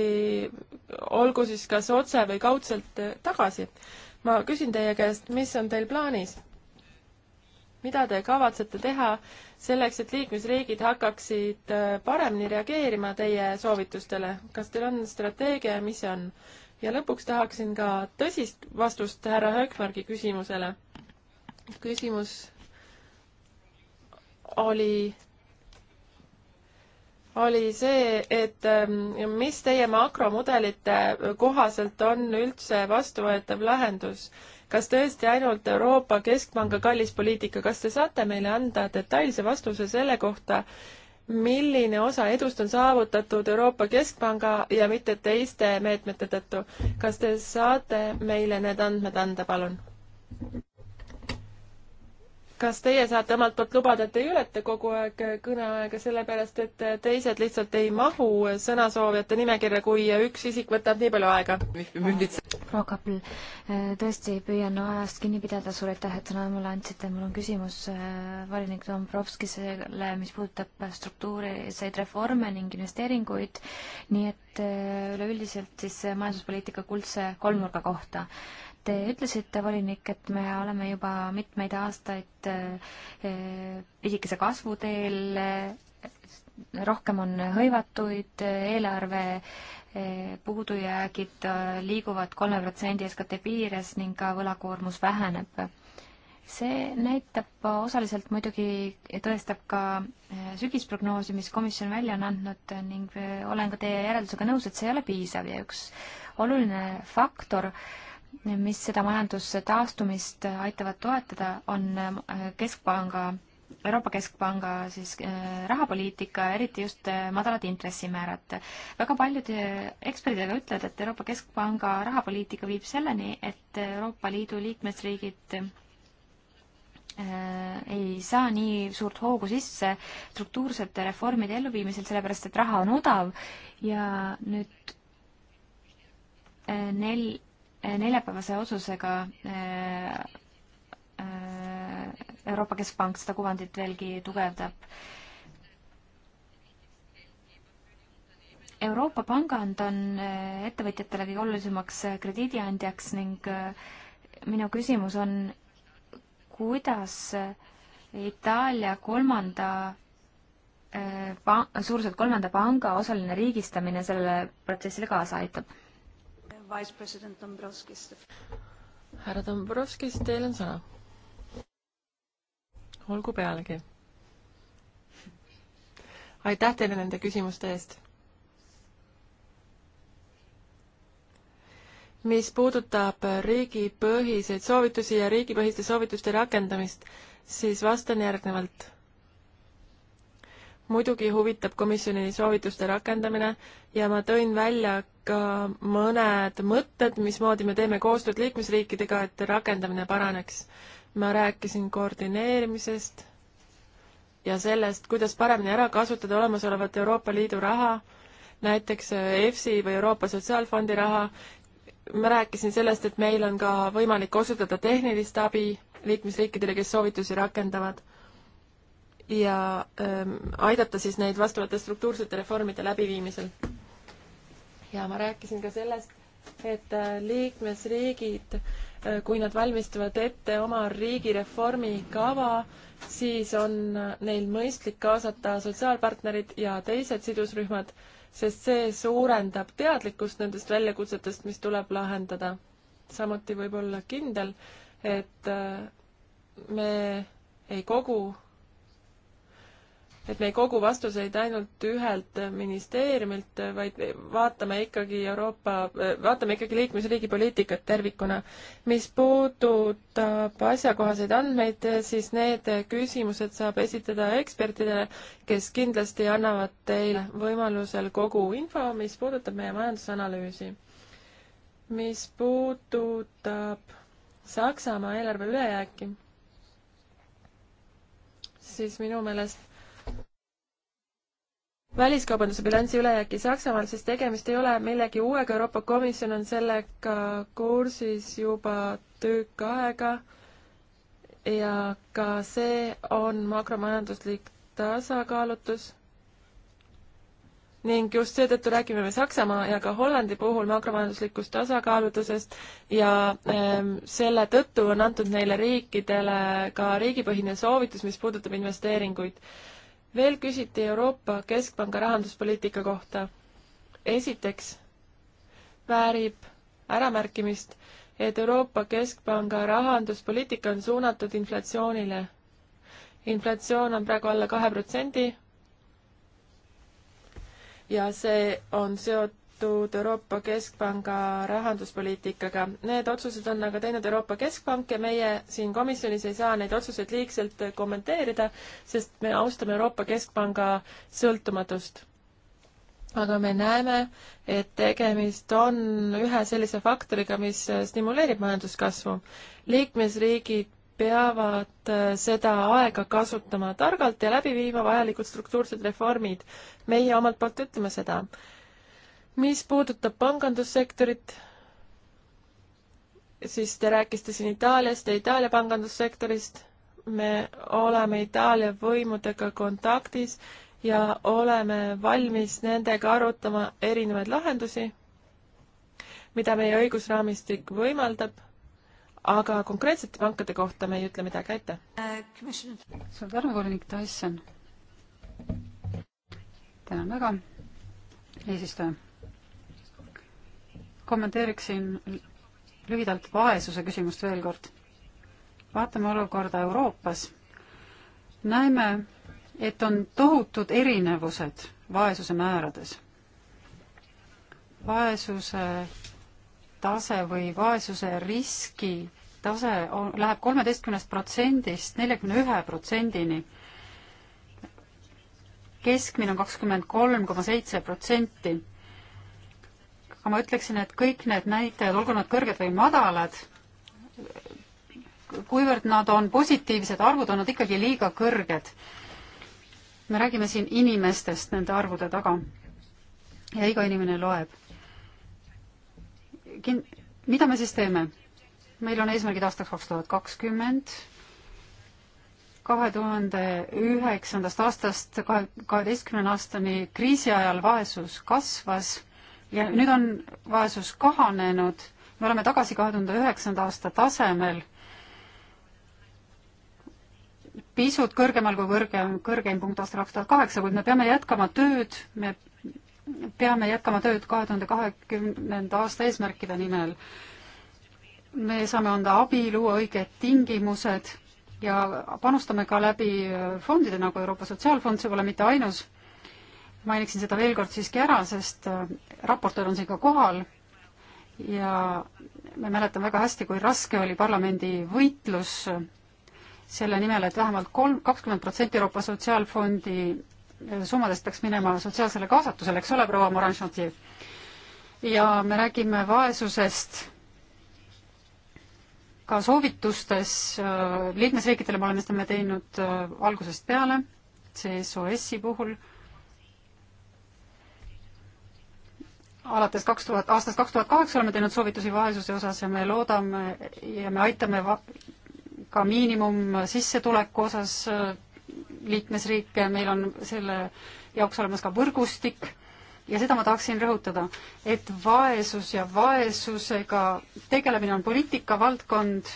Speaker 1: olgu siis kas otse või kaudselt tagasi. ma küsin teie käest, mis on teil plaanis? mida te kavatsete teha selleks, et liikmesriigid hakkaksid äh, paremini reageerima teie soovitustele? kas teil on strateegia ja mis see on? ja lõpuks tahaksin ka tõsist vastust härra Höökmargi küsimusele. küsimus oli, oli see, et ähm, mis teie makromudelite kohaselt on üldse vastuvõetav lahendus. kas tõesti ainult Euroopa Keskpanga kallis poliitika, kas te saate meile anda detailse vastuse selle kohta, milline osa edust on saavutatud Euroopa Keskpanga ja mitte teiste meetmete tõttu. kas te saate meile need andmed anda, palun? kas teie saate omalt poolt lubada, et ei ületa kogu aeg kõneaega, sellepärast et teised lihtsalt ei mahu sõnasoovijate nimekirja, kui üks isik võtab nii palju aega?
Speaker 2: proua Kappel, tõesti püüan ajast kinni pidada, suur aitäh, et sõna mulle andsite, mul on küsimus äh, volinik Dombrovskisele, mis puudutab struktuuriseid reforme ning investeeringuid, nii et äh, üleüldiselt siis äh, majanduspoliitika kuldse kolmnurga kohta Te ütlesite, volinik, et me oleme juba mitmeid aastaid eh, eh, pisikese kasvu teel, eh, rohkem on hõivatuid, eelarve puudujäägid liiguvad kolme protsendi SKT piires ning ka võlakoormus väheneb. see näitab osaliselt muidugi, tõestab ka sügisprognoosi, mis komisjon välja on andnud ning olen ka teie järeldusega nõus, et see ei ole piisav ja üks oluline faktor äh, mis seda majanduse taastumist aitavad toetada, on äh, keskpanga, Euroopa Keskpanga siis äh, rahapoliitika, eriti just äh, madalad intressimäärad. väga paljud eksperdid aga ütlevad, et Euroopa Keskpanga rahapoliitika viib selleni, et Euroopa Liidu liikmesriigid ei saa nii suurt hoogu sisse struktuursete reformide elluviimisel, sellepärast et raha on odav ja nüüd nel-, neljapäevase otsusega äh, äh, Euroopa Keskpank seda kuvandit veelgi tugevdab. Euroopa pangand on äh, ettevõtjatele kõige olulisemaks krediidiandjaks ning minu küsimus on, kuidas Itaalia kolmanda pa-, suuruselt kolmanda panga osaline riigistamine sellele protsessile kaasa aitab? Vice President Dombrovskis. härra
Speaker 1: Dombrovskis, teil on sõna. olgu pealegi. aitäh teile nende küsimuste eest. mis puudutab riigipõhiseid soovitusi ja riigipõhiste soovituste rakendamist, siis vastan järgnevalt muidugi huvitab komisjoni soovituste rakendamine ja ma tõin välja ka mõned mõtted, mismoodi me teeme koostööd liikmesriikidega, et rakendamine paraneks. ma rääkisin koordineerimisest ja sellest, kuidas paremini ära kasutada olemasolevat Euroopa Liidu raha, näiteks EFSI või Euroopa Sotsiaalfondi raha, ma rääkisin sellest, et meil on ka võimalik osutada tehnilist abi liikmesriikidele, kes soovitusi rakendavad ja ähm, aidata siis neid vastavate struktuursete reformide läbiviimisel. ja ma rääkisin ka sellest, et äh, liikmesriigid, äh, kui nad valmistuvad ette oma riigireformi kava, siis on äh, neil mõistlik kaasata sotsiaalpartnerid ja teised sidusrühmad, sest see suurendab teadlikkust nendest väljakutsetest, mis tuleb lahendada. samuti võib olla kindel, et me ei kogu et me ei kogu vastuseid ainult ühelt ministeeriumilt, vaid vaatame ikkagi Euroopa, vaatame ikkagi liikmesriigi poliitikat tervikuna. mis puudutab asjakohaseid andmeid, siis need küsimused saab esitada ekspertidele, kes kindlasti annavad teile võimalusel kogu info, mis puudutab meie majandusanalüüsi. mis puudutab Saksamaa eelarve ülejääki, siis minu meelest väliskaubanduse bilansi ülejääki Saksamaal, sest tegemist ei ole millegi uuega, Euroopa Komisjon on sellega kursis juba tükk aega ja ka see on makromajanduslik tasakaalutus. ning just seetõttu räägime me Saksamaa ja ka Hollandi puhul makromajanduslikust tasakaalutusest ja ähm, selle tõttu on antud neile riikidele ka riigipõhine soovitus, mis puudutab investeeringuid veel küsiti Euroopa Keskpanga rahanduspoliitika kohta. esiteks väärib äramärkimist, et Euroopa Keskpanga rahanduspoliitika on suunatud inflatsioonile. inflatsioon on praegu alla kahe protsendi ja see on seotud seotud Euroopa Keskpanga rahanduspoliitikaga. Need otsused on aga teinud Euroopa Keskpank ja meie siin komisjonis ei saa neid otsuseid liigselt kommenteerida, sest me austame Euroopa Keskpanga sõltumatust. aga me näeme, et tegemist on ühe sellise faktoriga, mis stimuleerib majanduskasvu. liikmesriigid peavad seda aega kasutama targalt ja läbi viima vajalikud struktuursed reformid. meie omalt poolt ütleme seda mis puudutab pangandussektorit, siis te rääkisite siin Itaaliast ja Itaalia pangandussektorist. me oleme Itaalia võimudega kontaktis ja oleme valmis nendega arutama erinevaid lahendusi, mida meie õigusraamistik võimaldab, aga konkreetsete pankade kohta me ei ütle midagi, aitäh äh,! suur tänu, volinik Tyson!
Speaker 3: tänan väga, eesistuja! kommenteeriksin lühidalt vaesuse küsimust veel kord. vaatame olukorda Euroopas. näeme, et on tohutud erinevused vaesuse määrades. vaesuse tase või vaesuse riski tase on, läheb kolmeteistkümnest protsendist neljakümne ühe protsendini. keskmine on kakskümmend kolm koma seitse protsenti aga ma ütleksin, et kõik need näitajad, olgu nad kõrged või madalad, kuivõrd nad on positiivsed arvud, on nad ikkagi liiga kõrged. me räägime siin inimestest nende arvude taga ja iga inimene loeb. Kin-, mida me siis teeme? meil on eesmärgid aastaks kaks tuhat kakskümmend, kahe tuhande üheksandast aastast kahe, kaheteistkümnenda aastani kriisi ajal vaesus kasvas ja nüüd on vaesus kahanenud, me oleme tagasi kahe tuhande üheksanda aasta tasemel, pisut kõrgemal kui kõrgem, kõrgeim punkt aastal kaks tuhat kaheksa, kuid me peame jätkama tööd, me peame jätkama tööd kahe tuhande kahekümnenda aasta eesmärkide nimel. me saame anda abi, luua õiged tingimused ja panustame ka läbi fondide, nagu Euroopa Sotsiaalfond, see pole mitte ainus mainiksin seda veel kord siiski ära, sest äh, raportöör on siin ka kohal ja me mäletame väga hästi, kui raske oli parlamendi võitlus selle nimel, et vähemalt kolm, kakskümmend protsenti Euroopa Sotsiaalfondi äh, summadest peaks minema sotsiaalsele kaasatusele, eks ole, proua Morin-Chantier? ja me räägime vaesusest ka soovitustes äh, liikmesriikidele, me oleme seda teinud algusest peale, CSOS-i puhul alates kaks tuhat, aastast kaks tuhat kaheksa oleme teinud soovitusi vaesuse osas ja me loodame ja me aitame va-, ka miinimumsissetuleku osas äh, liikmesriike, meil on selle jaoks olemas ka võrgustik ja seda ma tahaksin rõhutada, et vaesus ja vaesusega tegelemine on poliitikavaldkond,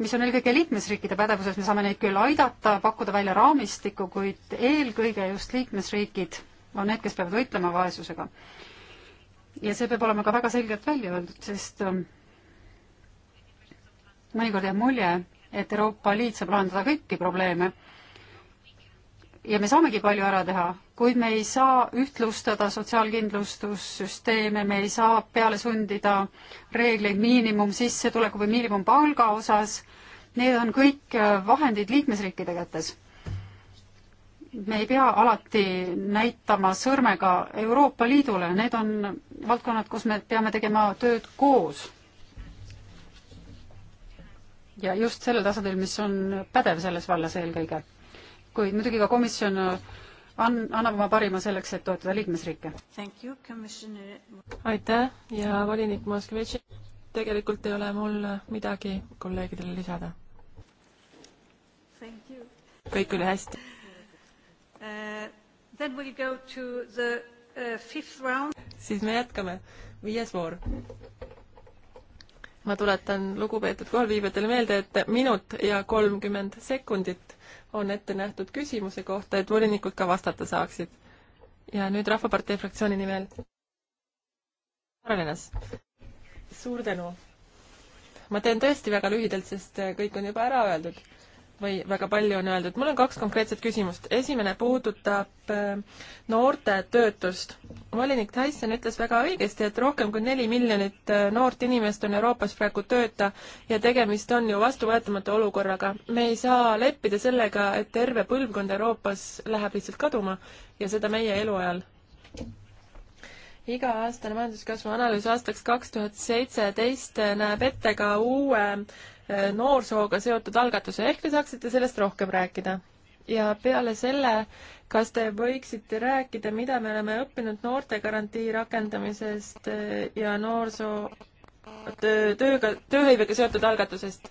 Speaker 3: mis on eelkõige liikmesriikide pädevuses, me saame neid küll aidata, pakkuda välja raamistikku, kuid eelkõige just liikmesriigid on need, kes peavad võitlema vaesusega ja see peab olema ka väga selgelt välja öeldud, sest ähm, mõnikord jääb mulje, et Euroopa Liit saab lahendada kõiki probleeme. ja me saamegi palju ära teha, kuid me ei saa ühtlustada sotsiaalkindlustussüsteeme, me ei saa peale sundida reegleid miinimumsissetuleku või miinimumpalga osas. Need on kõik äh, vahendid liikmesriikide kätes me ei pea alati näitama sõrmega Euroopa Liidule, need on valdkonnad, kus me peame tegema tööd koos. ja just sellel tasandil, mis on pädev selles vallas eelkõige. kuid muidugi ka komisjon an-, annab oma parima selleks, et toetada liikmesriike.
Speaker 1: aitäh ja volinik Moskvitš, tegelikult ei ole mul midagi kolleegidele lisada. kõik oli hästi
Speaker 3: Then we'll go to the uh, fifth round.
Speaker 1: siis me jätkame, viies voor. ma tuletan lugupeetud kohalviibijatele meelde, et minut ja kolmkümmend sekundit on ette nähtud küsimuse kohta, et volinikud ka vastata saaksid. ja nüüd Rahvapartei fraktsiooni nimel. Arenes. suur tänu. ma teen tõesti väga lühidalt, sest kõik on juba ära öeldud või väga palju on öeldud. mul on kaks konkreetset küsimust. esimene puudutab äh, noorte töötust. volinik Tyson ütles väga õigesti, et rohkem kui neli miljonit äh, noort inimest on Euroopas praegu tööta ja tegemist on ju vastuvõetamatu olukorraga. me ei saa leppida sellega, et terve põlvkond Euroopas läheb lihtsalt kaduma ja seda meie eluajal iga-aastane majanduskasvu analüüs aastaks kaks tuhat seitseteist näeb ette ka uue eh, noorsooga seotud algatuse, ehk te saaksite sellest rohkem rääkida? ja peale selle, kas te võiksite rääkida, mida me oleme õppinud noortegarantii rakendamisest eh, ja noorsoo töö, tööga, tööhõivega seotud algatusest?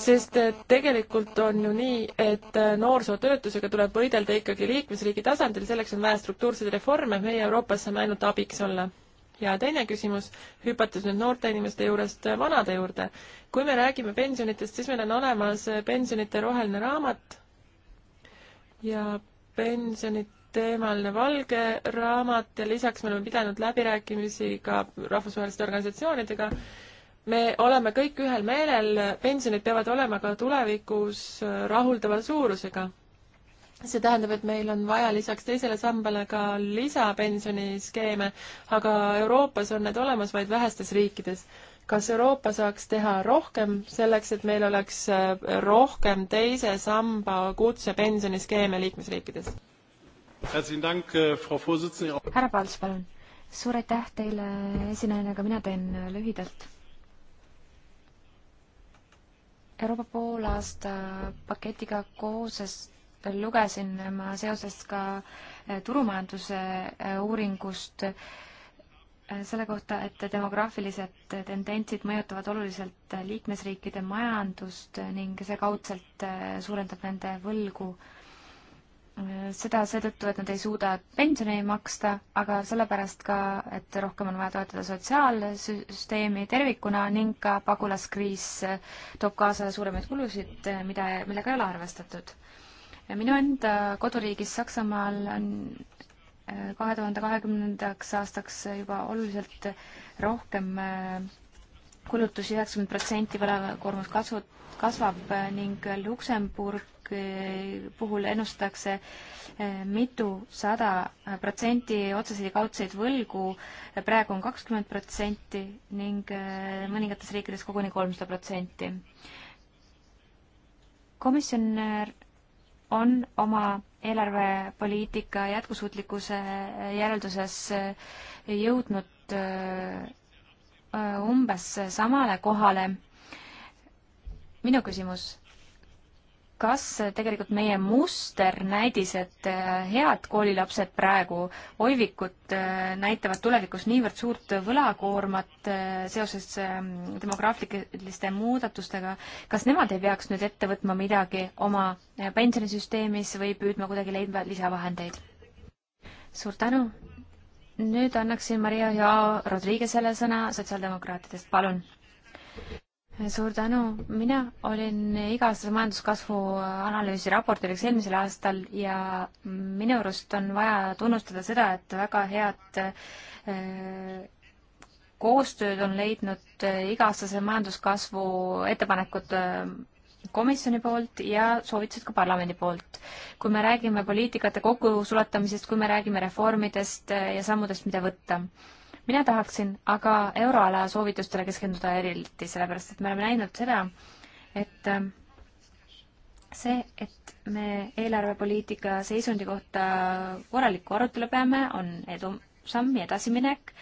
Speaker 1: sest tegelikult on ju nii, et äh, noorsootöötusega tuleb võidelda ikkagi liikmesriigi tasandil, selleks on vaja struktuurseid reforme, meie Euroopas saame ainult abiks olla. ja teine küsimus, hüpates nüüd noorte inimeste juurest äh, vanade juurde. kui me räägime pensionitest, siis meil on olemas äh, pensionite roheline raamat ja pensionid teemaline valge raamat ja lisaks me oleme pidanud läbirääkimisi ka rahvusvaheliste organisatsioonidega me oleme kõik ühel meelel, pensionid peavad olema ka tulevikus äh, rahuldava suurusega. see tähendab, et meil on vaja lisaks teisele sambale ka lisapensioniskeeme, aga Euroopas on need olemas vaid vähestes riikides. kas Euroopa saaks teha rohkem selleks, et meil oleks äh, rohkem teise samba kutsepensioniskeeme
Speaker 2: liikmesriikides?
Speaker 3: Äh,
Speaker 2: härra Pals, palun. suur aitäh teile, esinejana, aga mina teen lühidalt Euroopa poolaasta paketiga kooses lugesin ma seoses ka eh, turumajanduse eh, uuringust eh, selle kohta, et demograafilised tendentsid mõjutavad oluliselt liikmesriikide majandust ning see kaudselt suurendab nende võlgu seda seetõttu, et nad ei suuda pensioni maksta, aga sellepärast ka, et rohkem on vaja toetada sotsiaalsüsteemi tervikuna ning ka pagulaskriis toob kaasa suuremaid kulusid, mida, millega ei ole arvestatud. minu enda koduriigis Saksamaal on eh, kahe tuhande kahekümnendaks aastaks juba oluliselt rohkem eh, kulutusi, üheksakümmend protsenti võlakoormus kasvu, kasvab eh, ning Luksemburg E, puhul ennustatakse e, mitusada protsenti otseseid ja kaudseid võlgu, praegu on kakskümmend protsenti ning e, mõningates riikides koguni kolmsada protsenti. komisjon on oma eelarvepoliitika jätkusuutlikkuse järelduses jõudnud umbes samale kohale. minu küsimus kas tegelikult meie musternäidised äh, head koolilapsed praegu, oivikud, äh, näitavad tulevikus niivõrd suurt võlakoormat äh, seoses ähm, demograafiliste muudatustega, kas nemad ei peaks nüüd ette võtma midagi oma pensionisüsteemis või püüdma kuidagi leida lisavahendeid? suur tänu! nüüd annaksin Maria Joao Rodriguezele sõna sotsiaaldemokraatidest, palun! suur tänu, mina olin iga-aastase majanduskasvu analüüsi raportööriks eelmisel aastal ja minu arust on vaja tunnustada seda, et väga head äh, koostööd on leidnud äh, iga-aastase majanduskasvu ettepanekud äh, komisjoni poolt ja soovitused ka parlamendi poolt. kui me räägime poliitikate kokkusulatamisest, kui me räägime reformidest ja sammudest, mida võtta mina tahaksin aga euroala soovitustele keskenduda eriti, sellepärast et me oleme näinud seda, et ähm, see, et me eelarvepoliitika seisundi kohta korralikku arutelu peame, on edusamm ja edasiminek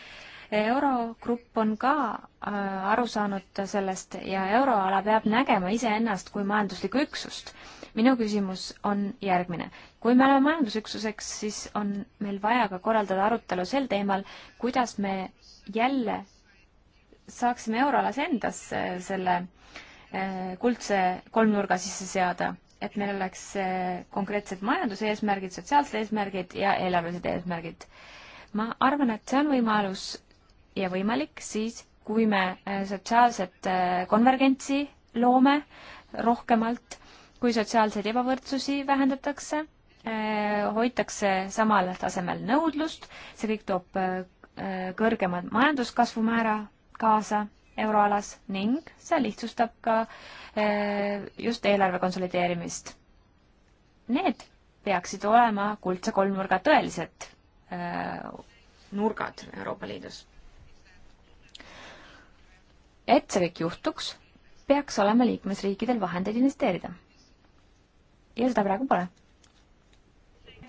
Speaker 2: eurogrupp on ka äh, aru saanud sellest ja euroala peab nägema iseennast kui majanduslikku üksust. minu küsimus on järgmine. kui me oleme majandusüksuseks, siis on meil vaja ka korraldada arutelu sel teemal, kuidas me jälle saaksime euroalas endas selle äh, kuldse kolmnurga sisse seada, et meil oleks äh, konkreetsed majanduseesmärgid, sotsiaalsed eesmärgid ja eelarvelised eesmärgid ma arvan, et see on võimalus ja võimalik siis, kui me äh, sotsiaalset äh, konvergentsi loome rohkemalt, kui sotsiaalseid ebavõrdsusi vähendatakse, äh, hoitakse samal tasemel nõudlust, see kõik toob kõrgema majanduskasvu määra kaasa euroalas ning see lihtsustab ka just eelarve konsolideerimist. Need peaksid olema kuldse kolmnurga tõelised nurgad Euroopa Liidus et see kõik juhtuks, peaks olema liikmesriikidel vahendeid investeerida. ja seda praegu pole.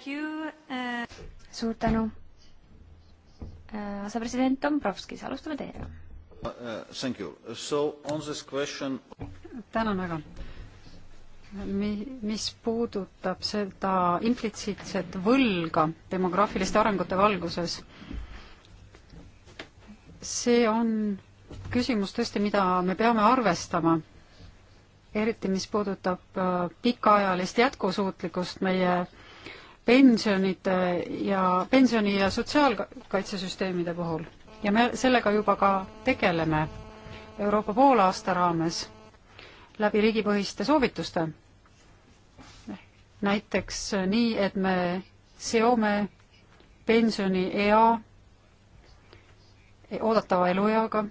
Speaker 2: Uh, suur tänu. Uh, asepresident Dombrovskis, alustame teiega.
Speaker 3: Uh, thank you. So on this question tänan väga. Mi-, mis puudutab seda implitsiitset võlga demograafiliste arengute valguses, see on küsimus tõesti, mida me peame arvestama, eriti mis puudutab äh, pikaajalist jätkusuutlikkust meie pensionide ja pensioni- ja sotsiaalkaitsesüsteemide puhul. ja me sellega juba ka tegeleme Euroopa poolaasta raames läbi riigipõhiste soovituste. näiteks nii, et me seome pensioniea oodatava elueaga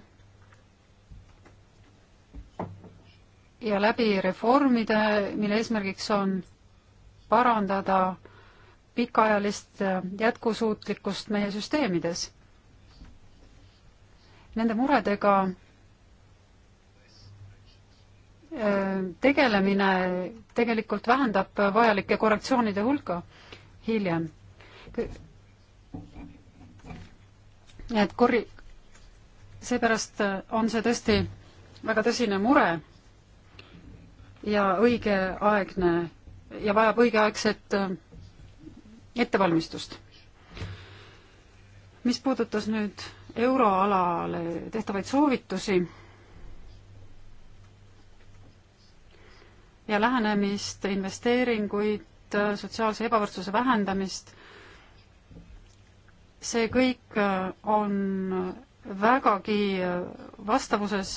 Speaker 3: ja läbi reformide, mille eesmärgiks on parandada pikaajalist jätkusuutlikkust meie süsteemides. Nende muredega tegelemine tegelikult vähendab vajalike korrektsioonide hulka hiljem. et korri-, seepärast on see tõesti väga tõsine mure ja õigeaegne ja vajab õigeaegset äh, ettevalmistust. mis puudutas nüüd euroalale tehtavaid soovitusi ja lähenemist, investeeringuid, äh, sotsiaalse ebavõrdsuse vähendamist, see kõik äh, on vägagi vastavuses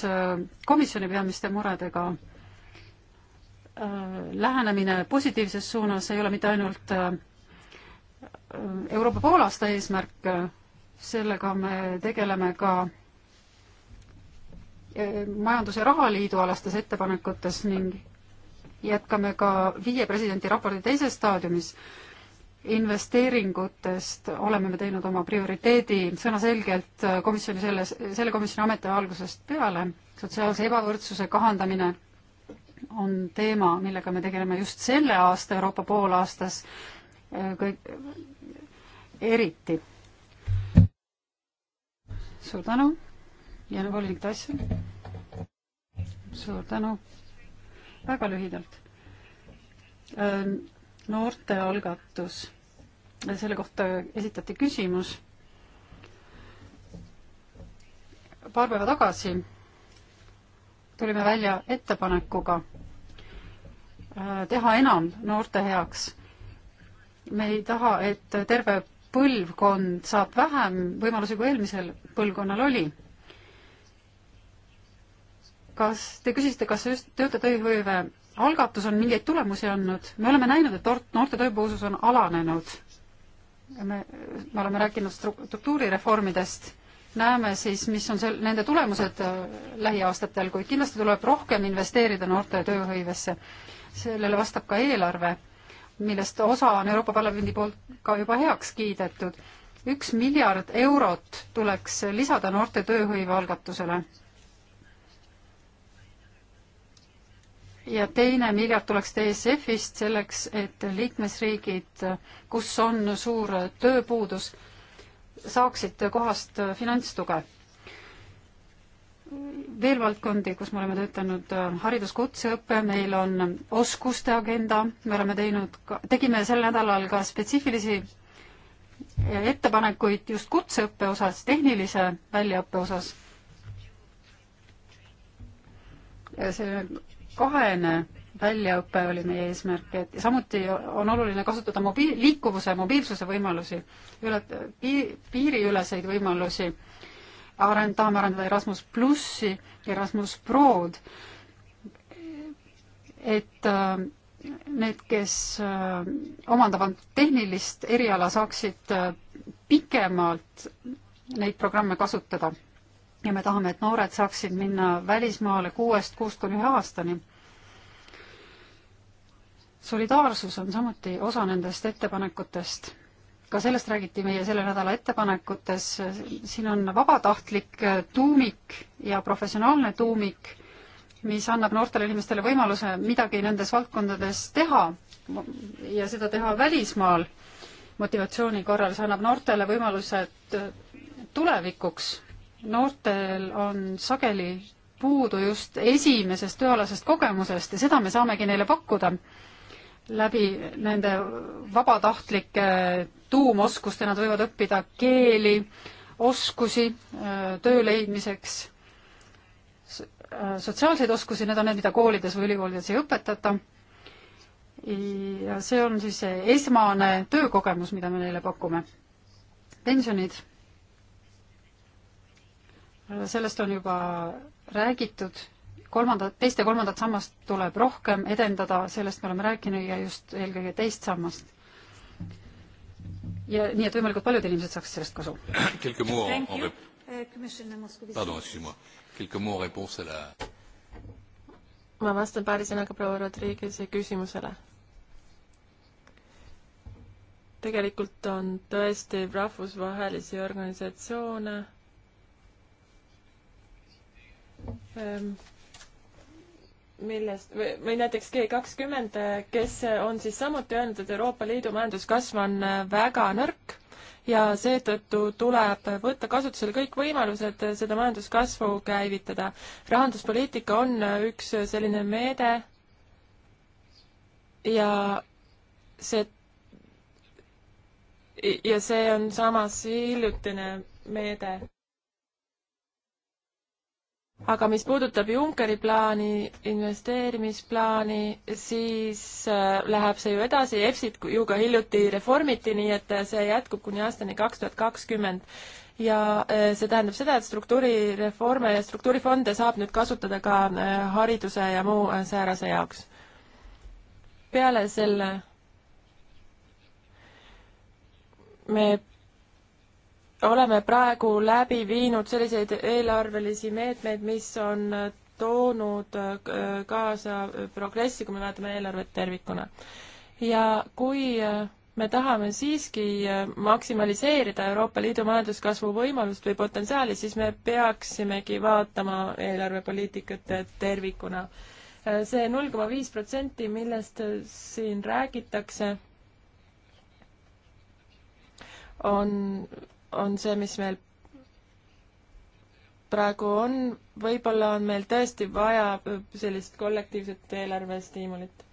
Speaker 3: komisjoni peamiste muredega Äh, lähenemine positiivses suunas ei ole mitte ainult äh, Euroopa poolaasta eesmärk, sellega me tegeleme ka äh, majandus- ja rahaliidu alastes ettepanekutes ning jätkame ka viie presidendi raporti teises staadiumis. investeeringutest oleme me teinud oma prioriteedi sõnaselgelt komisjoni selles, selle komisjoni ametiaja algusest peale, sotsiaalse ebavõrdsuse kahandamine on teema, millega me tegeleme just selle aasta Euroopa poolaastas äh, kõik eriti. suur tänu ja volinik Tass. suur tänu. väga lühidalt. Äh, noorte algatus, selle kohta esitati küsimus paar päeva tagasi tulime välja ettepanekuga äh, teha enam noorte heaks. me ei taha, et terve põlvkond saab vähem võimalusi, kui eelmisel põlvkonnal oli. kas, te küsisite, kas just töötajate tööhõive algatus on mingeid tulemusi andnud, me oleme näinud, et noorte tööpuusus on alanenud. me, me oleme rääkinud struktuurireformidest näeme siis, mis on sel-, nende tulemused äh, lähiaastatel, kuid kindlasti tuleb rohkem investeerida noorte tööhõivesse. sellele vastab ka eelarve, millest osa on Euroopa Parlamendi poolt ka juba heaks kiidetud. üks miljard eurot tuleks lisada noorte tööhõive algatusele. ja teine miljard tuleks DSF-ist selleks, et liikmesriigid, kus on suur tööpuudus, saaksid kohast finantstuge. veel valdkondi, kus me oleme töötanud, hariduskutseõpe, meil on oskuste agenda, me oleme teinud, tegime sel nädalal ka spetsiifilisi ettepanekuid just kutseõppe osas, tehnilise väljaõppe osas. see kahene väljaõpe oli meie eesmärk, et samuti on oluline kasutada mobiil, liikuvuse, mobiilsuse võimalusi, üle, piiriüleseid võimalusi, arend-, tahame arendada Erasmus plussi, Erasmus Prod, et äh, need, kes äh, omandavad tehnilist eriala, saaksid äh, pikemalt neid programme kasutada. ja me tahame, et noored saaksid minna välismaale kuuest kuust kuni ühe aastani solidaarsus on samuti osa nendest ettepanekutest. ka sellest räägiti meie selle nädala ettepanekutes, siin on vabatahtlik äh, tuumik ja professionaalne tuumik, mis annab noortele inimestele võimaluse midagi nendes valdkondades teha ja seda teha välismaal motivatsiooni korral, see annab noortele võimalused äh, tulevikuks. noortel on sageli puudu just esimesest tööalasest kogemusest ja seda me saamegi neile pakkuda läbi nende vabatahtlike tuumoskuste nad võivad õppida keeli, oskusi äh, töö leidmiseks, äh, sotsiaalseid oskusi, need on need, mida koolides või ülikoolides ei õpetata. ja see on siis see esmane töökogemus, mida me neile pakume. pensionid. Äh, sellest on juba räägitud kolmandat, teist ja kolmandat sammast tuleb rohkem edendada, sellest me oleme rääkinud ja just eelkõige teist sammast. ja nii, et võimalikult paljud inimesed saaksid sellest kasu. (coughs) Euh,
Speaker 1: ma vastan paari sõnaga proua Rodriguez'i küsimusele. tegelikult on tõesti rahvusvahelisi organisatsioone ähm, millest, või näiteks G kakskümmend, kes on siis samuti öelnud, et Euroopa Liidu majanduskasv on väga nõrk ja seetõttu tuleb võtta kasutusele kõik võimalused seda majanduskasvu käivitada. rahanduspoliitika on üks selline meede ja see, ja see on samas hiljutine meede aga mis puudutab Junckeri plaani, investeerimisplaani, siis äh, läheb see ju edasi, EFSit ju ka hiljuti reformiti, nii et äh, see jätkub kuni aastani kaks tuhat kakskümmend. ja äh, see tähendab seda, et struktuurireforme ja struktuurifonde saab nüüd kasutada ka hariduse ja muu säärase jaoks. peale selle me oleme praegu läbi viinud selliseid eelarvelisi meetmeid, mis on toonud äh, kaasa progressi, kui me vaatame eelarvet tervikuna. ja kui äh, me tahame siiski äh, maksimaliseerida Euroopa Liidu majanduskasvu võimalust või potentsiaali, siis me peaksimegi vaatama eelarvepoliitikat tervikuna. see null koma viis protsenti, millest siin räägitakse, on on see, mis meil praegu on, võib-olla on meil tõesti vaja sellist kollektiivset eelarvestiimulit.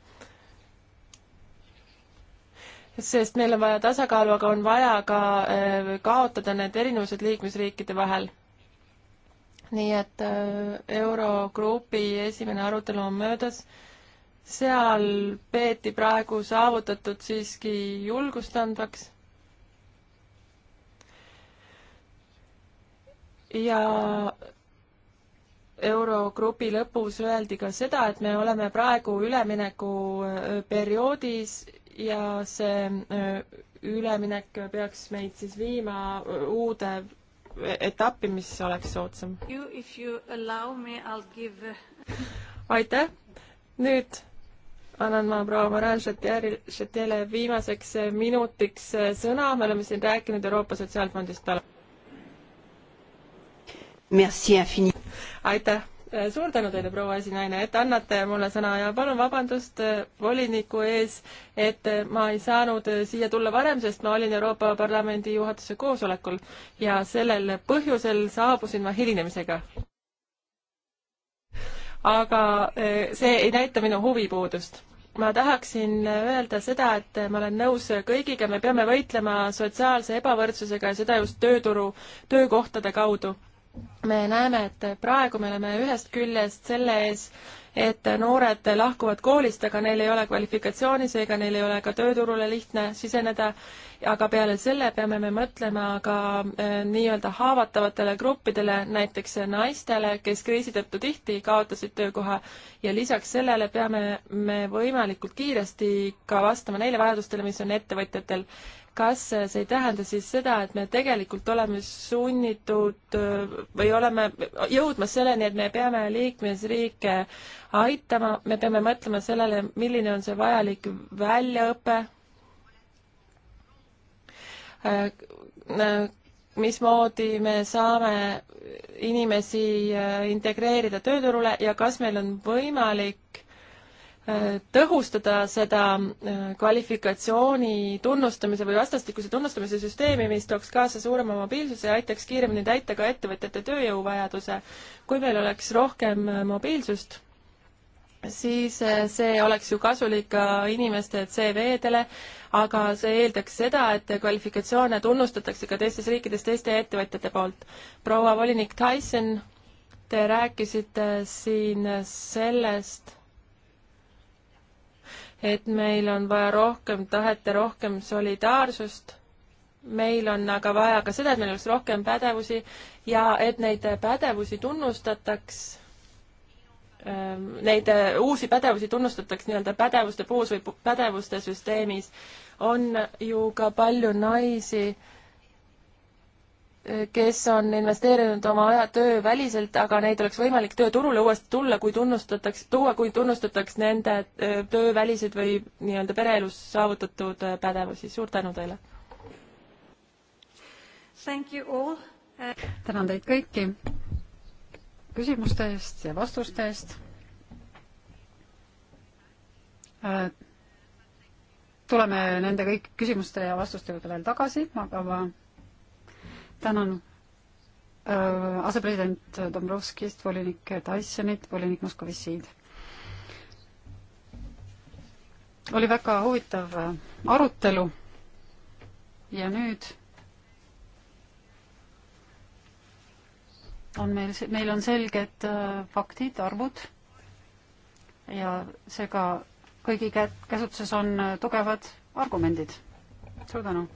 Speaker 1: sest meil on vaja tasakaalu, aga on vaja ka äh, kaotada need erinevused liikmesriikide vahel. nii et äh, Eurogrupi esimene arutelu on möödas, seal peeti praegu saavutatud siiski julgust andvaks ja Eurogrupi lõpus öeldi ka seda, et me oleme praegu üleminekuperioodis äh, ja see äh, üleminek peaks meid siis viima äh, uude etappi, mis oleks soodsam. Give... aitäh, nüüd annan ma proua Maran Šatjele viimaseks minutiks sõna, me oleme siin rääkinud Euroopa Sotsiaalfondist tal- aitäh! Äh, suur tänu teile, proua esinaine, et annate mulle sõna ja palun vabandust äh, voliniku ees, et äh, ma ei saanud siia tulla varem, sest ma olin Euroopa Parlamendi juhatuse koosolekul ja sellel põhjusel saabusin ma hilinemisega. aga see ei näita minu huvipuudust ma tahaksin öelda seda, et ma olen nõus kõigiga, me peame võitlema sotsiaalse ebavõrdsusega ja seda just tööturu, töökohtade kaudu me näeme, et praegu me oleme ühest küljest selle ees, et noored lahkuvad koolist, aga neil ei ole kvalifikatsiooni, seega neil ei ole ka tööturule lihtne siseneda. aga peale selle peame me mõtlema ka äh, nii-öelda haavatavatele gruppidele, näiteks naistele, kes kriisi tõttu tihti kaotasid töökoha ja lisaks sellele peame me võimalikult kiiresti ka vastama neile vajadustele, mis on ettevõtjatel kas see ei tähenda siis seda, et me tegelikult oleme sunnitud äh, või oleme jõudmas selleni, et me peame liikmesriike aitama, me peame mõtlema sellele, milline on see vajalik väljaõpe, äh, äh, mismoodi me saame inimesi integreerida tööturule ja kas meil on võimalik tõhustada seda äh, kvalifikatsiooni tunnustamise või vastastikuse tunnustamise süsteemi, mis tooks kaasa suurema mobiilsuse ja aitaks kiiremini täita ka ettevõtjate tööjõuvajaduse. kui meil oleks rohkem äh, mobiilsust, siis äh, see oleks ju kasulik ka inimeste CV-dele, aga see eeldaks seda, et kvalifikatsioone tunnustatakse ka teistes riikides teiste ettevõtjate poolt. proua volinik Tyson, te rääkisite siin sellest, et meil on vaja rohkem tahet ja rohkem solidaarsust. meil on aga vaja ka seda, et meil oleks rohkem pädevusi ja et neid pädevusi tunnustataks, ähm, neid uusi pädevusi tunnustataks nii-öelda pädevuste puus või pädevuste süsteemis. on ju ka palju naisi kes on investeerinud oma aja töö väliselt, aga neid oleks võimalik tööturule uuesti tulla, kui tunnustatakse, tuua, kui tunnustatakse nende äh, tööväliseid või nii-öelda pereelus saavutatud äh, pädevusi. suur tänu teile! tänan
Speaker 3: teid kõiki küsimuste eest ja vastuste eest äh, tuleme nende kõik küsimuste ja vastuste juurde veel tagasi, aga ma tänan äh, asepresident Dombrovskist, volinik Tysonit, volinik Moskovissid. oli väga huvitav äh, arutelu ja nüüd on meil, meil on selged äh, faktid, arvud ja seega kõigi käsutuses on tugevad argumendid. suur tänu!